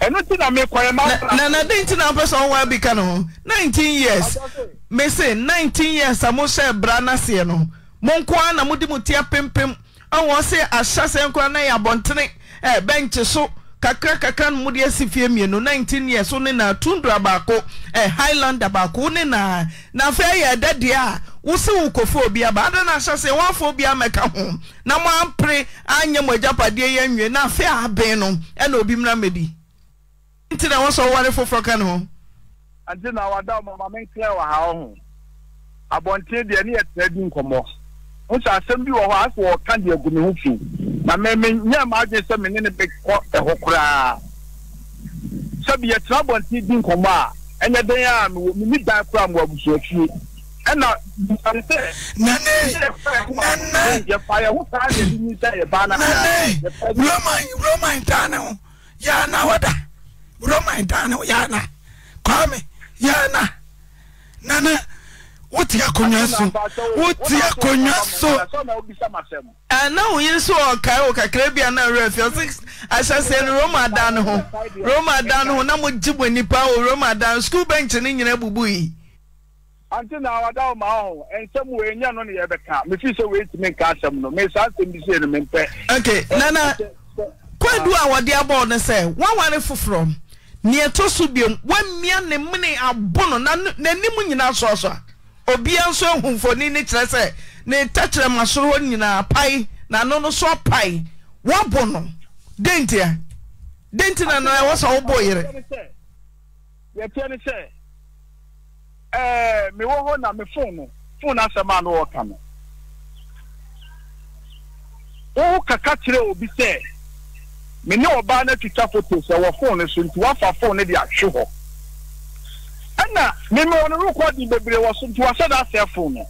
ɛno ti na mekɔɛ mana dɛn nti na wopɛ sɛ wowaa bi ka ne ho 19 years me se 19 years a mohyɛɛ bra no aseɛ eh, no mo nko ara na mode mo tia pimpim ɔwɔ se ahyɛ sɛ nkora na yɛ abɔntene bɛnkye so kakrakakra no mode asi fie mmienu 19 years wo ne na tundra baako eh, highlander baako wo ne naa na afei yɛ ɛda di a wosi wo kofo obi aba ada na ahyɛ sɛ wɔafo obi amɛka ho na mo ampere anyɛ mo agyapadeɛ yɛ nwie na afei abɛn no ɛna obi mmra di. nti na wɔsɔ wɔre foforɔ ka ne ho. nti na wada ɔmo maame nkyɛn wɔ ha ɔho abɔnten deɛ ne yɛ tɛ di nkɔmɔ nso asɛm bi wɔ hɔ asɛ wɔka deɛ gu ho fi na mɛmɛ nyɛ maa adwene sɛ mɛ ne ne bɛ kɔ ɛhɔ koraa sɛbi yɛtena abɔnten di nkɔmɔ a ɛnyɛ dɛn a mi mi dan kora mu abusua fie ɛna bisari nane nane yɛfa yɛ ho saa yɛ bi nyi sɛ yɛ ba na. nane roman roman taa ne ho yɛ anawada. roman dano yana kwame yana nana wote akonnwa so wote akonnwa so ɛna eh, woyi nso ɔkae wɔ kakra bi a na werɛ afi ɔse ahyɛseɛ no roma dan no ho roma dan no ho na mogye bɔ nnipa wɔ roma dan skul bench no nyina bubu yi ante na awada wo ma ho nsɛm wei nyɛ no ne yɛbɛka mefi sɛ weitumi nka asɛm no mesaa asɛm bi sei no mempɛ ok nana kwadu a wɔde abɔɔ no sɛ woawane foforɔ nea ɛtɔ so biom woamia ne mene abo no n'anim nyinaa soaso a obiaa nso ahu mfoni no kyerɛ sɛ ne tɛkyerɛmasoro hɔ nyinaa pae naano no so pae woabo no denti a denti na naa ɛwɔ sa wobɔ yere yɛteɛ ne sɛ eh, mewɔ hɔ na me fon no fon no asɛm a no wo kaka kyerɛ obi sɛ me ne ɔbaa no atwitwa foto sɛ wɔ fone no so nti wafa fone no de ahwe hɔ ɛna meme ɔno rekɔdi bebree wɔ so nti wahyɛ da asɛe fone no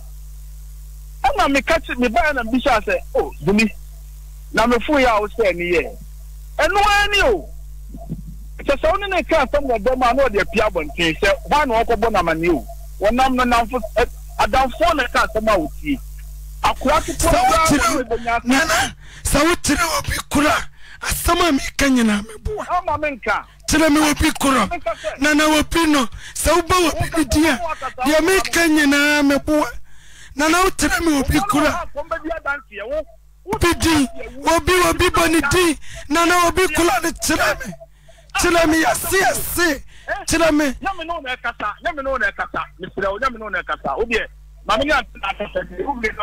ɛna meka kye mebaɛ na bihyɛ sɛ o dumi na mefoo yɛ a wo sɛ ani yɛ ɛno ara ni o sɛ sɛ wo ne ne ka asɛm wɔ dɔm a na ɔde apia abɔnten sɛ hɔ na wɔkɔbɔ no amane o wɔnam no namfo adamfoɔ na ka asɛm a wɔtie akora ketewa sɛ wokyerɛ obi kora asɛm a meka nyinaa meboa kyerɛ me wɔbi korɔ na na wɔbi no sɛ woba wɔbi no di a deɛ meka nyinaa meboa na na wokyerɛ me wɔbi korɔ obi din obi obi bɔ ne din na na obi korɔ no kyerɛ me kyerɛ me yɛse yɛse kyerɛ me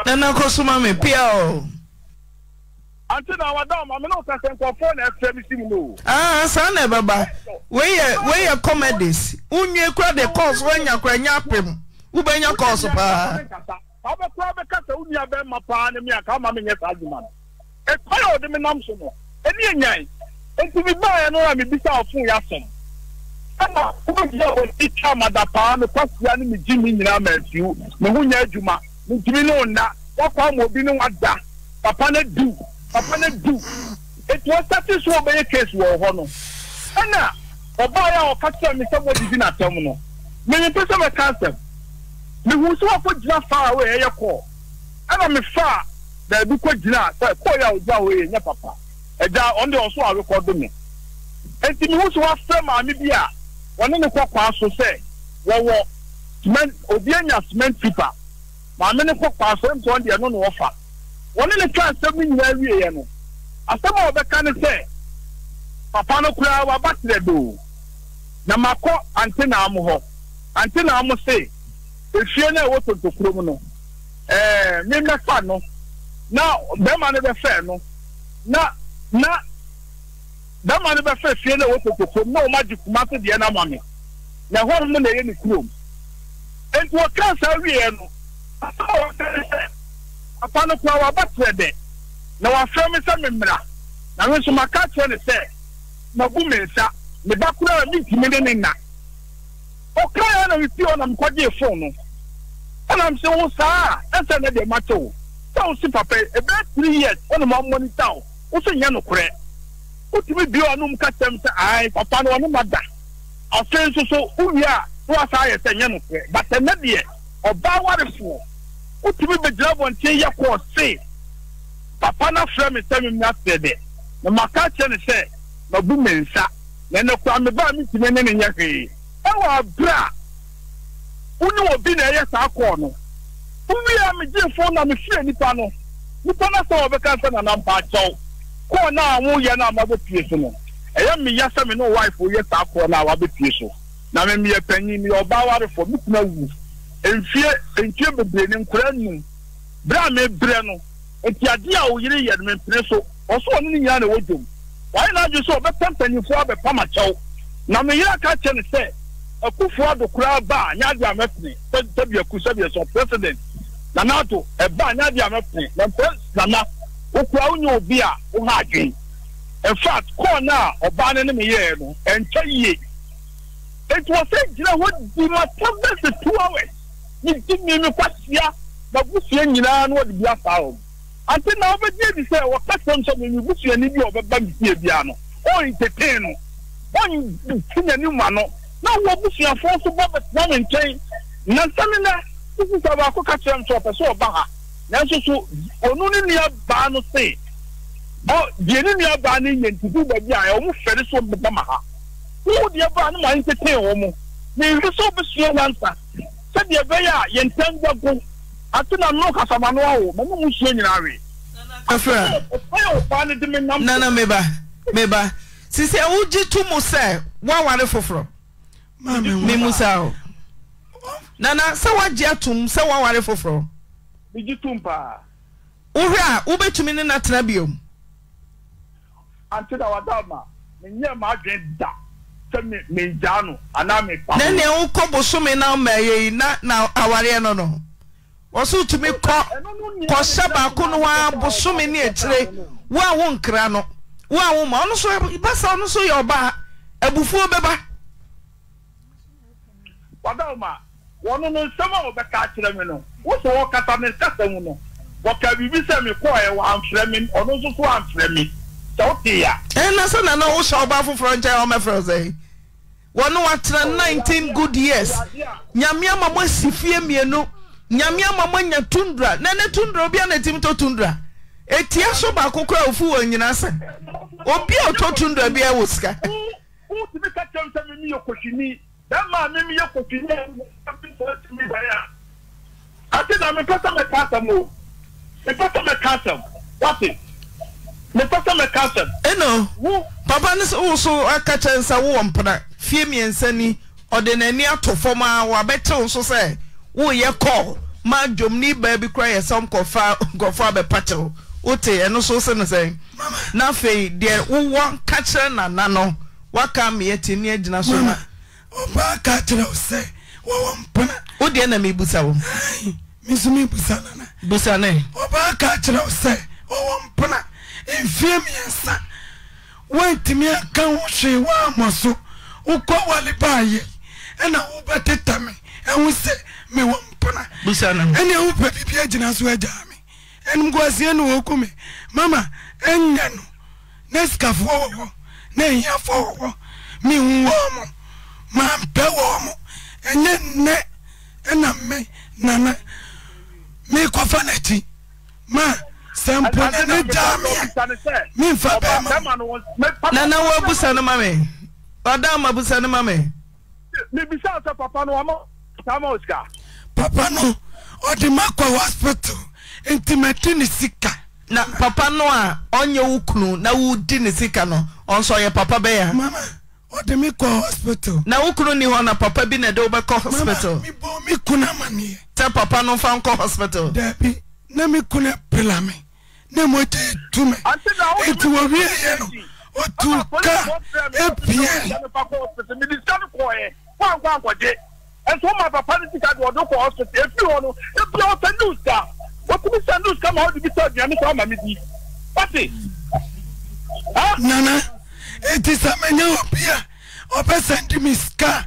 nana kɔ soma me pia o anti na wada ọma mi náà sẹsẹ nkọfọ na ẹsẹ mi si mu no. aa san na baba weyɛ weyɛ comedies unwie kura de course wanya kura nya apem wubenya course paa. abɛkura bɛka sɛ wo nua bɛma paa ne me a ka ma menyɛ saa adwuma no ɛkwa yɛ ɔde me nam so no ɛne anyae nti mebaeɛ no a mebisa ɔfo yɛ asom ɛma wobɛgyia wɔdi twa mada paa mekwasia ne megye me nyinaa maasiw me ho nya adwuma mentumi ne wo nna woakwa ma obi papa no du papa no du etu ɔsate so ɔbɛyɛ case wɔ hɔ no ɛna ɔbaa yɛ a ɔka kyerɛ me sɛ wɔdidi n'atɛm no menyimpe sɛ mɛka asɛm mehu sɛ wakɔ gyina faa a wɔyɛ ɛyɛ kɔɔ ɛna mefaa baabi kɔ gyina sɛ kɔɔ yɛ a ɔgya wɔyɛ nyɛ papa ɛgya ɔno deɛ ɔso awekɔ do me nti mehu sɛ wafrɛ maame bi a wɔne ne kɔkɔa so sɛ wɔwɔ cement obi anya cement paper. maame ne kɔkɔa so ntɔn deɛ no na wɔfa wɔne ni ka asɛm no nyinaa wieɛ no asɛm a wɔbɛka ne sɛ papa no waba do na makɔ antenaa mo hɔ na mo efie a ɛwɔ tontokurom no eh, ɛɛ na bɛrima no bɛfɛ no na na bɛrima no bɛfɛ fie no a ɛwɔ na wɔn agye kuma so deɛ na ɛhɔ na ɛyɛ no papa no kura waba tẹ dẹ na wafẹ mi sẹ mi mìíràn na mi nso ma ká kyerɛ ne sɛ ma gu mi nsa ne ba kura a mi ntumi ne ne na ɔkra yɛ na fi hɔ na mi kɔgye fon no ɛna mi sɛ wo saa ɛsɛ ne deɛ ma te wo sɛ wo si papa yi ebe three years ɔna ma mɔ ne ta o wo so nyɛ no korɛ wotumi bi hɔ anum kasa mu sɛ ayi papa no ɔno ma da afei nso so a wo asa ayɛ sɛ nyɛ no korɛ ne deɛ ɔbaa warefoɔ. wotumi bɛgyina nke yɛ kɔɔ se papa no frɛ me sɛ memi asɛ dɛ na maka kyerɛ no sɛ mabu me nsa na ɛnɛ kora mebaa metumi ne ne nyɛ hwee ɛwɔ aberɛ a wo ne na ɛyɛ saa kɔɔ no wowie a megyeefo na mefie nnipa no nnipa no sɛ wɔbɛka sɛ kɔɔ no a woyɛ no a so no ɛyɛ sɛ me ne wife woyɛ saa kɔɔ no a so na memeyɛ panyin meyɛ ɔbaa warefoɔ metumi mfie mfie bebree ne nkura num bere a mebrɛ no nti adeɛ a oyere yɛ no mepene so ɔso ɔno ne nyinaa na ɛwɔ dwom wɔayɛ n'adwe sɛ ɔbɛpɛ mpanimfoɔ abɛpam akyɛw na meyere aka kyɛ no sɛ akufoɔ ado koraa ba a nyɛ ade a mɛpene sɛbi aku sɛbi ɛsɔ president nana ato ɛba a nyɛ ade a mɛpene na mpɛ nana wokura wonyɛ obi a woha adwen in fact kɔɔ no a ɔbaa no ne meyɛɛ no ɛnkyɛ yie nti wɔ sɛ gyina hɔ di ma tɛbɛsi two hours ne tumi ne kwasia n'abusua nyinaa na wɔde bi afa wɔn ante na wɔbɛgye edi sɛ wɔkasa nsɛm ne busua ne bi a ɔbɛba ne fie bia no ɔnteteen no ɔnti n'ani ma no na wɔn busuafoɔ nso bɔ bɛtena ne nkyɛn na nsɛm na sisi sɛ baako ka kyerɛ nso ɔpɛ sɛ ɔba ha nanso so ɔno ne nua baa no se ɔ deɛ ne nua baa no yɛ ntutu baabi a wɔn fɛre so bɛba ma ha wɔn deɛ baa no ma nteteen wɔn mo na ehu sɛ ɔbɛsua wansa sɛdeɛ ɛbɛyɛ a ya ntɛn gba go ate na nnɔ kasama no awo na mo mu nsuo nyinaa we. afra nana meba meba sisi awo gye to mu sɛ waware foforɔ mi mu o nana sɛ wagye atum mi tum paa. a na na wada ma sɛ mi mi gya no anaa mi pa. ne ne ho kɔ bosomi na ma ɛyɛ yi na na awareɛ no no wɔso tumi kɔ kɔhyɛ baako no wa bosomi ne akyire wo a wo nkira no wo a wo ma ɔno so basa ɔno so yɛ ɔbaa abufuo bɛba. wadaw ma wɔn no nsɛm a wɔbɛka akyerɛ mi no wosɔ wɔkata ne kasa mu no wɔka biribi sɛ mi kɔɛ wɔamfrɛ mi ɔno nso so wɔamfrɛ mi sɛ wote ya. ɛn na sɛ nana wohyɛ ɔbaa foforɔ nkyɛn ɔmɛfrɛ sɛ yi. wɔne woatena 9 good yeas nyameama mo asi fie mmienu nyameama mo anya tondura nanɛ tundra a obi ana atimi tɔ tondura tiasɔ ba akokra awɔfo wɔ nyina sa obia ɔtɔ tundra biaawo sikaɛn papa ne wowo so aka keɛ nsa wowɔ mpena fie mmiɛnsa ni ɔde n'ani ato fam a wabɛtew so sɛ woyɛ kɔɔ ma dwomni ni bi kora yɛ sɛ nkɔfa nkɔfo abɛpatew wote ɛno nso se no sɛ na afei deɛ wowɔ ka kyerɛ nana no waka meyɛ te ne agyina so na ɔbaa ka kyerɛ wo sɛ wɔwɔ mpena wodeɛ na mebusa wo meso mebusa nana busa ne ɔbaa ka kyerɛ wo sɛ wɔwɔ mpena mfie e mmiɛnsa woantumi aka wo hwee woammɔ so wokɔ wale baayɛ ɛna wobɛteta me ɛho sɛ mewɔ mpona ɛne wopɛ bibi agyina so agyaa me ɛnom ne wɔku me mama ɛnyɛ no na sikafoɔ wɔ hɔ na ahiafoɔ wɔ hɔ menwɔ mo mampɛ wɔ mo ɛnyɛ nnɛ ɛna me nana mekɔfa n'akyi ma sɛ mpona ne gyaa me memfa bɛɛ nana wɔabusa no ma me ọ̀dà àmàbùsà ni mami. bíbí sáà sọ papa nu ọmọ samuel sika. papa nu ọdì má kọ hospital ntì mà di ni sika. na papa nu a ọnyẹ wù kunu na wù di ni sika no ọsọ yẹ papa bẹ ya. mama ọdì mi kọ hospital. na wù kunu ni hɔ na papa bi na ẹdẹ ọbẹ kọ hospital. mama mi bọ mi kunu ama ni yẹ. tẹ papa nu fa nkọ hospital. dẹbi ne mi kunu pila mi ne mo jẹ etu wọ wi yẹ no wotu ka ebien. mìdí sani kọ ẹ fún àgbà àgbọ̀dé ẹsùn ọmọ papa ní sika di ọdún kọ ọsùn efi wọn no ebi ọsẹ news ta wọtúmí sẹ news kama ọdún bí sẹ ọdún kọ ọmọ mi di pàṣẹ. nana eti sàmẹnyẹ obi a ọbẹ sẹndi mi sika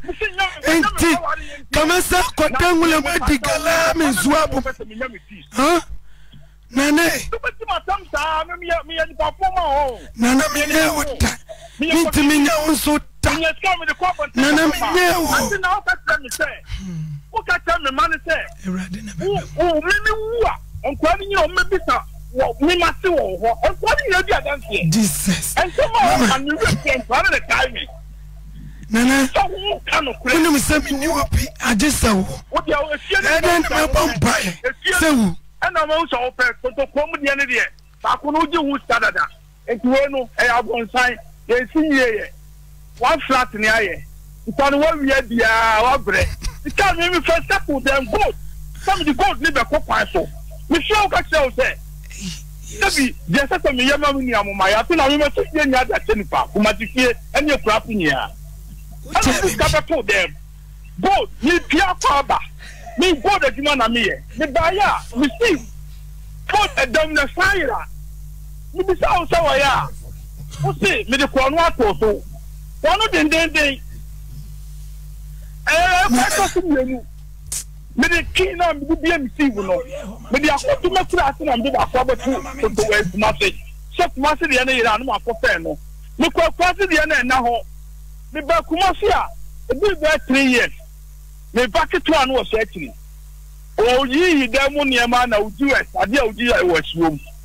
eti kàmẹsẹ kọtẹ nwulẹ mu edi gẹlẹ mi zuwa bọ nana. tó bẹ tí ma tẹ́ mu sáá nana menyɛ wo da mentimi nyɛ wo nso da nana menyɛ wo woka hmm. kyerɛ me ma no sɛ meme wu a nkwa no nyina ɔmɛbisa mema se wɔ hɔ nkwa no nyina di adanseɛ ɛnsɛm a ɔmanewerɛ nkwa no ne kae me nana wonim sɛ menni wɔ bi agye sɛ wo ɛdɛn ne mɛbɔ mpaeɛ sɛ wo ɛna ma wo sɛ wopɛ kotokuo mu deɛ ne deɛ baako no wogye wo sta dada nti wei no ɛyɛ abɔnsan yɛnsi yie yɛ waflat ne ayɛ nta no wawie biara wabrɛ nka me mefɛ sɛpo dɛn gold sɛ mede gold ne bɛkɔ kwan so mefia wo ka kyerɛ wo sɛ sɛbi deɛ sɛ sɛ meyɛ ma me nua moma yɛ afe na memɛso yɛ nya adakyɛ nipa komatifie ɛne akurafo nyinaa ɛne sika bɛto dɛm gold mepia kɔ aba me gold adwuma na meyɛ mebaeɛ a mesii gold ɛdam na saa yerɛ a mibisa awo sɛ wɔyɛ a wosi mede kɔɔno atɔ so kɔɔno dendenden ɛɛ ɛkɔ so mmienu mede twii na mede bie mi siivu no mede akoto mɛkura ase na mede baako abɛto toto ɛkuma se sɛ kuma se deɛ no yɛrɛ anum akɔ fɛn no mekɔ ɛkuma se deɛ no ɛna hɔ meba kuma se a ebi bɛ three years meba ketewa no wɔ so akyiri oyiyi dan mu nneɛma na oji wɛ adeɛ a oji wɔ asuom.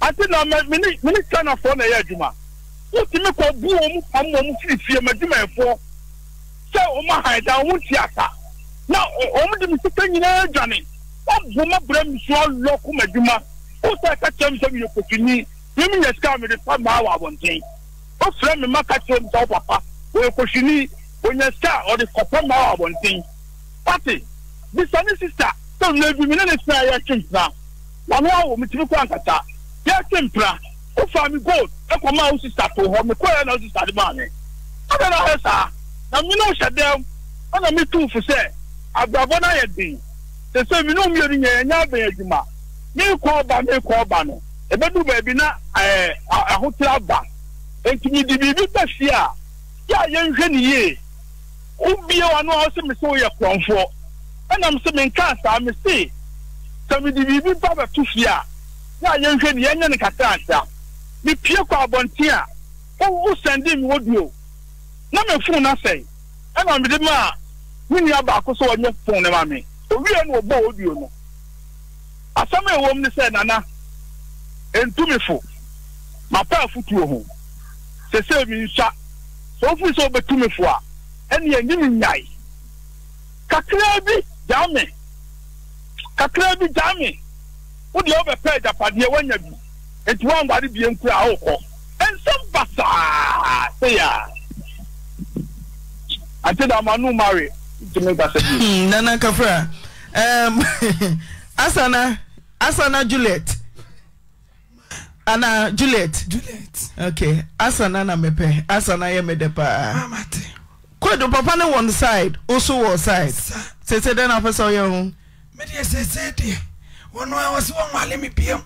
ase na mene mene chinafoɔ na ɛyɛ adwuma wotumi kɔ bu wɔn pam wɔn firi fie ma adwumayɛfoɔ sɛ wɔn ahan da wɔn ti asa na wɔn di mi sika nyinaa dwane ɔbu ma bere mi so ɔlɔko ma adwuma wosɛ ɛka kyerɛ mi sɛ mi yɛ kotuni mi mi yɛ sika mi de pa maa wɔ abɔnten wofrɛ mi ma ka kyerɛ mi sɛ ɔpapa wɔyɛ kotuni wɔnyɛ sika ɔde kɔpɔ maa wɔ abɔnten pati bisani sista sɛ ɔno ebi mi ne ne sika yɛ twɛ ntena wɔn a wɔn ti mi kɔ ankata. yɛte mpra wofa me gold ɛkɔma wo sista to hɔ mekɔɛ na wo sista de maa me na hɛ saa na mene wohyɛ dɛm ɛna metoo fo sɛ abrabɔ no ayɛ den sɛ sɛ mene mmienu ma na abɛn ọba meekɔ ɔba meekɔ ɔba no ɛbɛdu baabi na ɛɛ ahotera aba nti mede biribi bɛ fie a yɛ a yɛnhwɛ ne yie wobie w'ano a wosɛ me sɛ woyɛ korɔmfoɔ ɛnam sɛ menkaa saa me se sɛ mede biribi ba bɛto fie a na yɛnhwɛ ni yɛnyɛ ne a mi woduo na mefon no sɛe ɛna mede ma a me nua baako sɛ wɔnyɛ fon ma me owie no wɔbɔ woduo no asɛm a ɛwɔ mu ne nana ɛntumi fo mapa afotuo ho sɛsɛ mi nsua a bi bi wode wobɛpɛ agyapadeɛ woanya bi nti woanware bie nkura a wokɔ ɛnsɛm basaa sɛ yɛ a ate da ama no mare bi hmm, nana kafra um, [laughs] asana asana juliet ana juliet juliet okay asana na mepe. asana yɛ mede paa ah, kodo papa ne one side also wɔ side sese dɛn na afɛ sɛ ɔyɛ ho medeɛ sese wɔn a wɔsi wɔn ŋmaale mi biem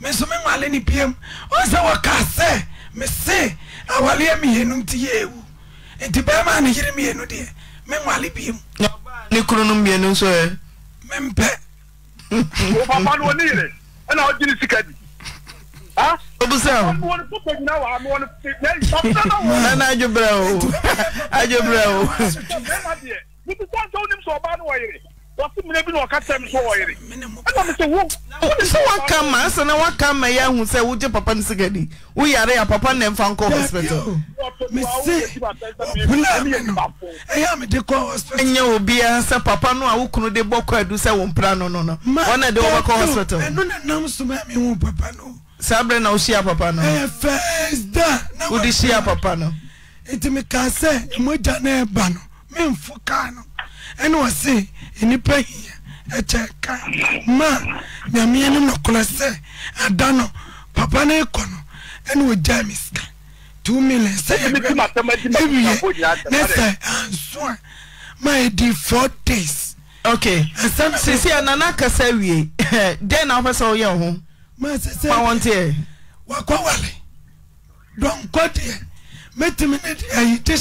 mi nso mi ŋmaale ni biem wɔn sɛ wɔka sɛ mi awaleɛ mmienu ti yɛ ewu nti bɛrima ne yere mmienu deɛ mi ŋmaale biem. ne kunu no mmienu nso yɛ. mi mpɛ. o papa ni o ni yere ɛna o jiri sika di. obusa o. nana adwo brɛ o adwo brɛ o. wde sɛ woka ma s na woaka ma yɛ ahu sɛ wogye papa no sikadi woyare a papa nɛ mfa nkɔ hospitalɛnyɛ obiaa sɛ papa no a wo kunu de bɔkɔ adu sɛ wo mpra no no no ne de wobɛkɔ hospitalsaa berɛ na woyia papa no wodeyia papa no nnipa hia ɛkyɛ ka ma nyameɛ no nɔkorɔ sɛ ada no papa no ekɔ no ɛna ogya me sika two million sɛ yɛwie ne sɛ anso a ma ɛdi four days. okay asam sisi anana kasa wie [laughs] den na wopɛ sɛ woyɛ ho ma sɛ ma wɔn teɛ wakɔwale dɔnkɔ deɛ mɛtumi ne ayi te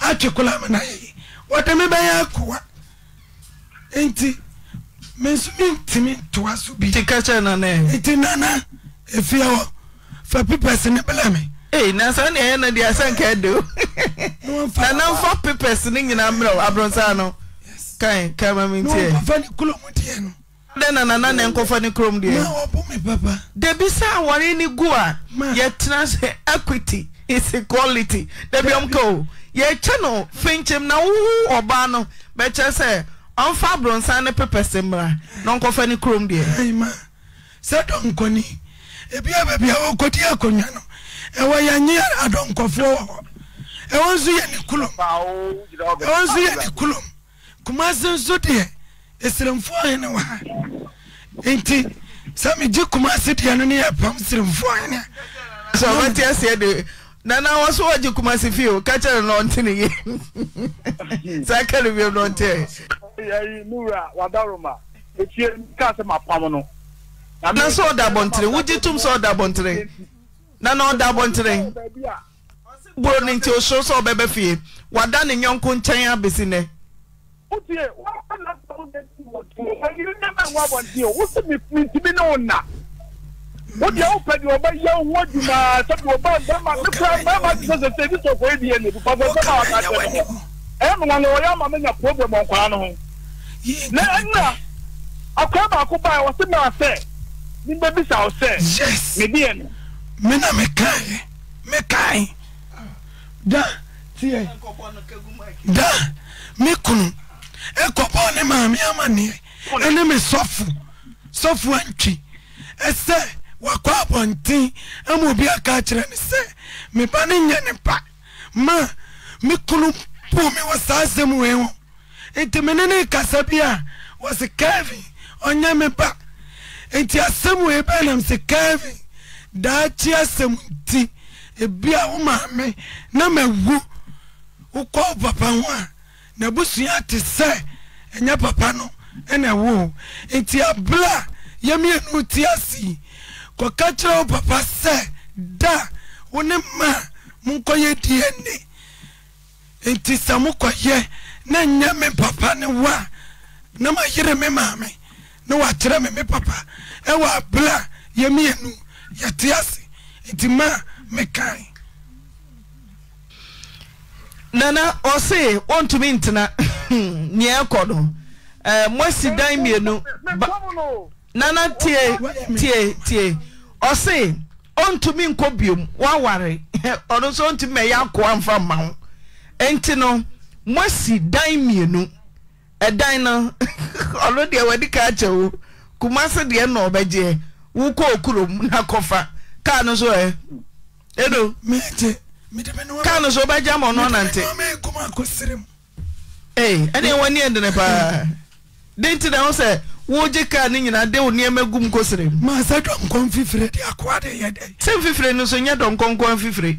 atwe kola me yɛyi wɔde me bɛyɛ akowa nnasa neɛdesaanafa pepes ne nyinaa mɛsa nɛnanananankɔfa ne krom deɛda bisa ware ne gu a yɛterasɛ equity squality aikao yɛkyɛ no fiinkyim na woo ɔba no bɛkyerɛ sɛ ɔmfa abrɔnsan ne pepɛ sɛ mmra na ɔnkɔfa ne kurom deɛ sɛ dɔnkɔni ebi baabi a wɔkɔdi akonnwa no ɛwɔ yɛnye adɔnkɔfoɔ wɔ hɔ ɛwɔ nso yɛ ne kulom ɛwɔ nso yɛ ne kulom kumase nso deɛ esiremfoɔ hene wɔ ha nti sɛ megye kumase deɛ no ne yɛpam siremfoɔ hene sɛ ɔbɛte aseɛ de nana wɔn so wɔgye kumase fie o kakyɛ no na ɔnte ne yie saa ka yɛyi ma pam no. na sɛ ɔda abɔntene wogye tom sɛ ɔda abɔntene na na ɔda abɔntene buro ne nti osoro sɛ ɔbɛbɛ fie wada ne nyɔnko nkyɛn abesi nɛ. wotie wɔn wodi awo pɛ di ɔbɛ yɛ ɔwɔ jumaa sɛbi ɔbɛ bɛma ne kura bɛma ti ebi ɛmu na wɔyɛ ama mi nya problem wɔ nkwadaa no ho na ɛnna akwadaa baako baa wɔsi maa sɛ ne bɛ bisa o sɛ. yes mi di yɛ no. mi na mi ka yi mi ka yi da tiɛ da mi kunu ekɔpɔ ne maame amaneɛ ɛne mi sɔfo sɔfo antwi ɛsɛ wakɔ abɔnten ama obi aka akyerɛ ne sɛ meba ne nyɛ ne pa ma me kunu. bume wɔ saa asɛm wei ho nti mene ne kasa bi a wɔse kevin ɔnyɛ me ba nti asɛm wei bɛ nam sɛ kevin daakye asɛm nti ebi a wo maame na mawu wokɔ papa ho a ya te sɛ ɛnyɛ papa no ɛna ɛwo nti abla yɛmienu te asi kɔka kyerɛ wo papa sɛ da wo ne ma monkɔyɛ dna nti sɛ mokɔyɛ na nyɛ me papa ne wo a na mayere me maame na wakyerɛ me me papa ɛwɔ abere a yɛmienu yɛte ase nti ma mekae nana ɔse ɔntumi ntena [coughs] nea ɛkɔ no ɛɛ moasi dan mmienu ba nana tie tie tie ɔse ɔntumi nkɔ biom waware [laughs] ɔno nso ɔntumi ɛyɛ akoa mfa mma ho nti no mo asi dan mmienu ɛdan no [laughs] ɔno deɛ wɔde kaa kyɛ wo kumase deɛ na ɔbɛgyeɛ wokɔ okurom na kɔfa kaa no so ɛ ɛdo kaa no so ɔbɛgya ma ɔno ɔnante ɛne ɛwɔ ne ɛdene paa de nti na ho sɛ wogye kaa no nyinaa de wo nneɛma gum kɔsere mu sɛ mfifire no so nyɛ dɔnkɔnkɔn fifire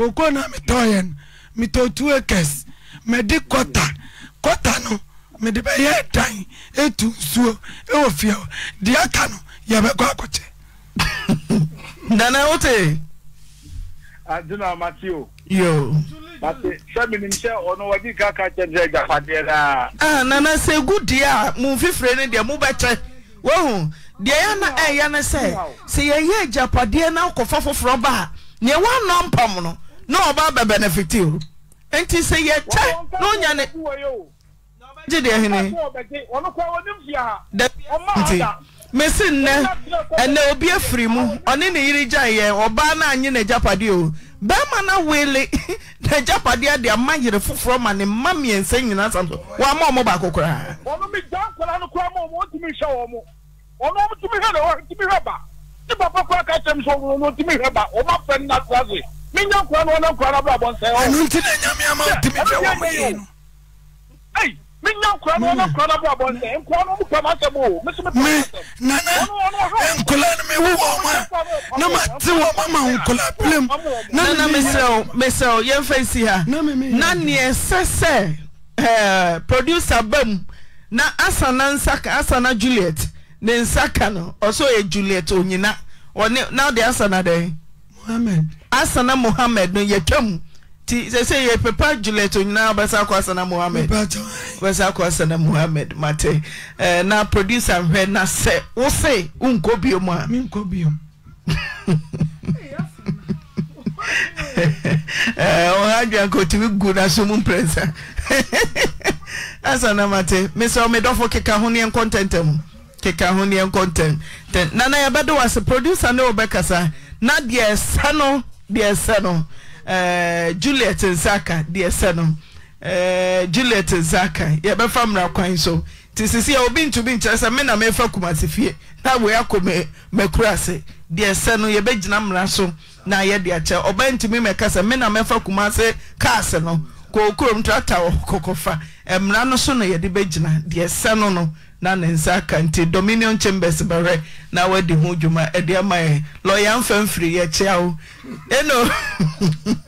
koko na metɔyɛ no metɔ two acres mede kɔta kɔta no mede bɛyɛ dan etu nsuo ɛwɔ fie hɔ deɛ aka no yɛbɛkɔ akɔkyɛ. [laughs] nana wote. aduna matthew. yoo. mate sẹ́mi ni sẹ́ ọ̀nà wọ́n di káka kyẹ́nsẹ́ ìjàpàdé náà. ah nana segu diẹ a mu fifire ni diẹ mu bẹ kyẹ wohun deɛ yɛn na ɛyɛ ne eh, sɛ sɛ yɛyɛ agyapadeɛ na akɔfa foforɔ ba a neɛ wɔanɔ mpam no na ɔba bɛ benefit o nti sɛ yɛkyɛ na onya ne hene nti mesi nnɛ ɛnɛ obi afiri mu ɔne ne yere gyae yɛ na no anye n'agyapadeɛ o bɛrima na wele n'agyapadeɛ ade ama yere foforɔ ma ne mma na ɔmo tumi hwɛ ba ne papa ka so ba menya nkura no ɔna abụọ no abɔ abɔ nsɛn hɔ. ɛnu ti na nyame ama ɔtumi fɛ wɔn mu yie no. ɛyi menya nkura no ɔna nkura no abɔ abɔ nsɛn na no ɔmukura ma sɛm o mi nana mi wu wɔn ma na ma ti wɔn ma ma nkula pilem. nana mesrɛw mesrɛw yɛn fɛ si ha na neɛ sɛsɛ ɛɛ producer na asana nsaka asana juliet ne nsaka no ɔsɔ yɛ juliet onyina ɔne na asana dɛ. asana mohammed no yɛtwa mu nti sɛsɛ yɛpepa julet nyinaa asana mohammed asana mohammed mate eh, na producer nhwɛ na sɛ wo se wonkɔ bio mu a [laughs] ɔha adwanka gu naso mprɛnsa [laughs] asana mate mesɛ ɔmedɔfo keka ho neɛ nkɔntɛntɛ mu keka ho neɛ nkɔntɛn nana yɛbɛde wɔ ase producer ne wɔbɛkasa na deɛ ɛsa no deɛ sɛ no eh, juliet nsaka deɛ sɛ no eh, juliet nsaka yɛbɛfa mmara kwan so nti sisia obi ntumi nkyerɛ sɛ me na mɛfa komase fie na woeɛ akɔmkorase deɛ sɛ no ybɛgyina mmra so na yɛde kyɛ ɔba ntumi mɛka sɛ menamɛfa kmase kase no kokrom tata kɔkɔfa mara no sono yɛde bɛgyina deɛ sɛ no no nane nsa aka nti dominion chambers bɛherɛ na wadi ho dwuma adeɛma yɛ lɔya mfa mfiri yɛkyea wo ɛno [laughs]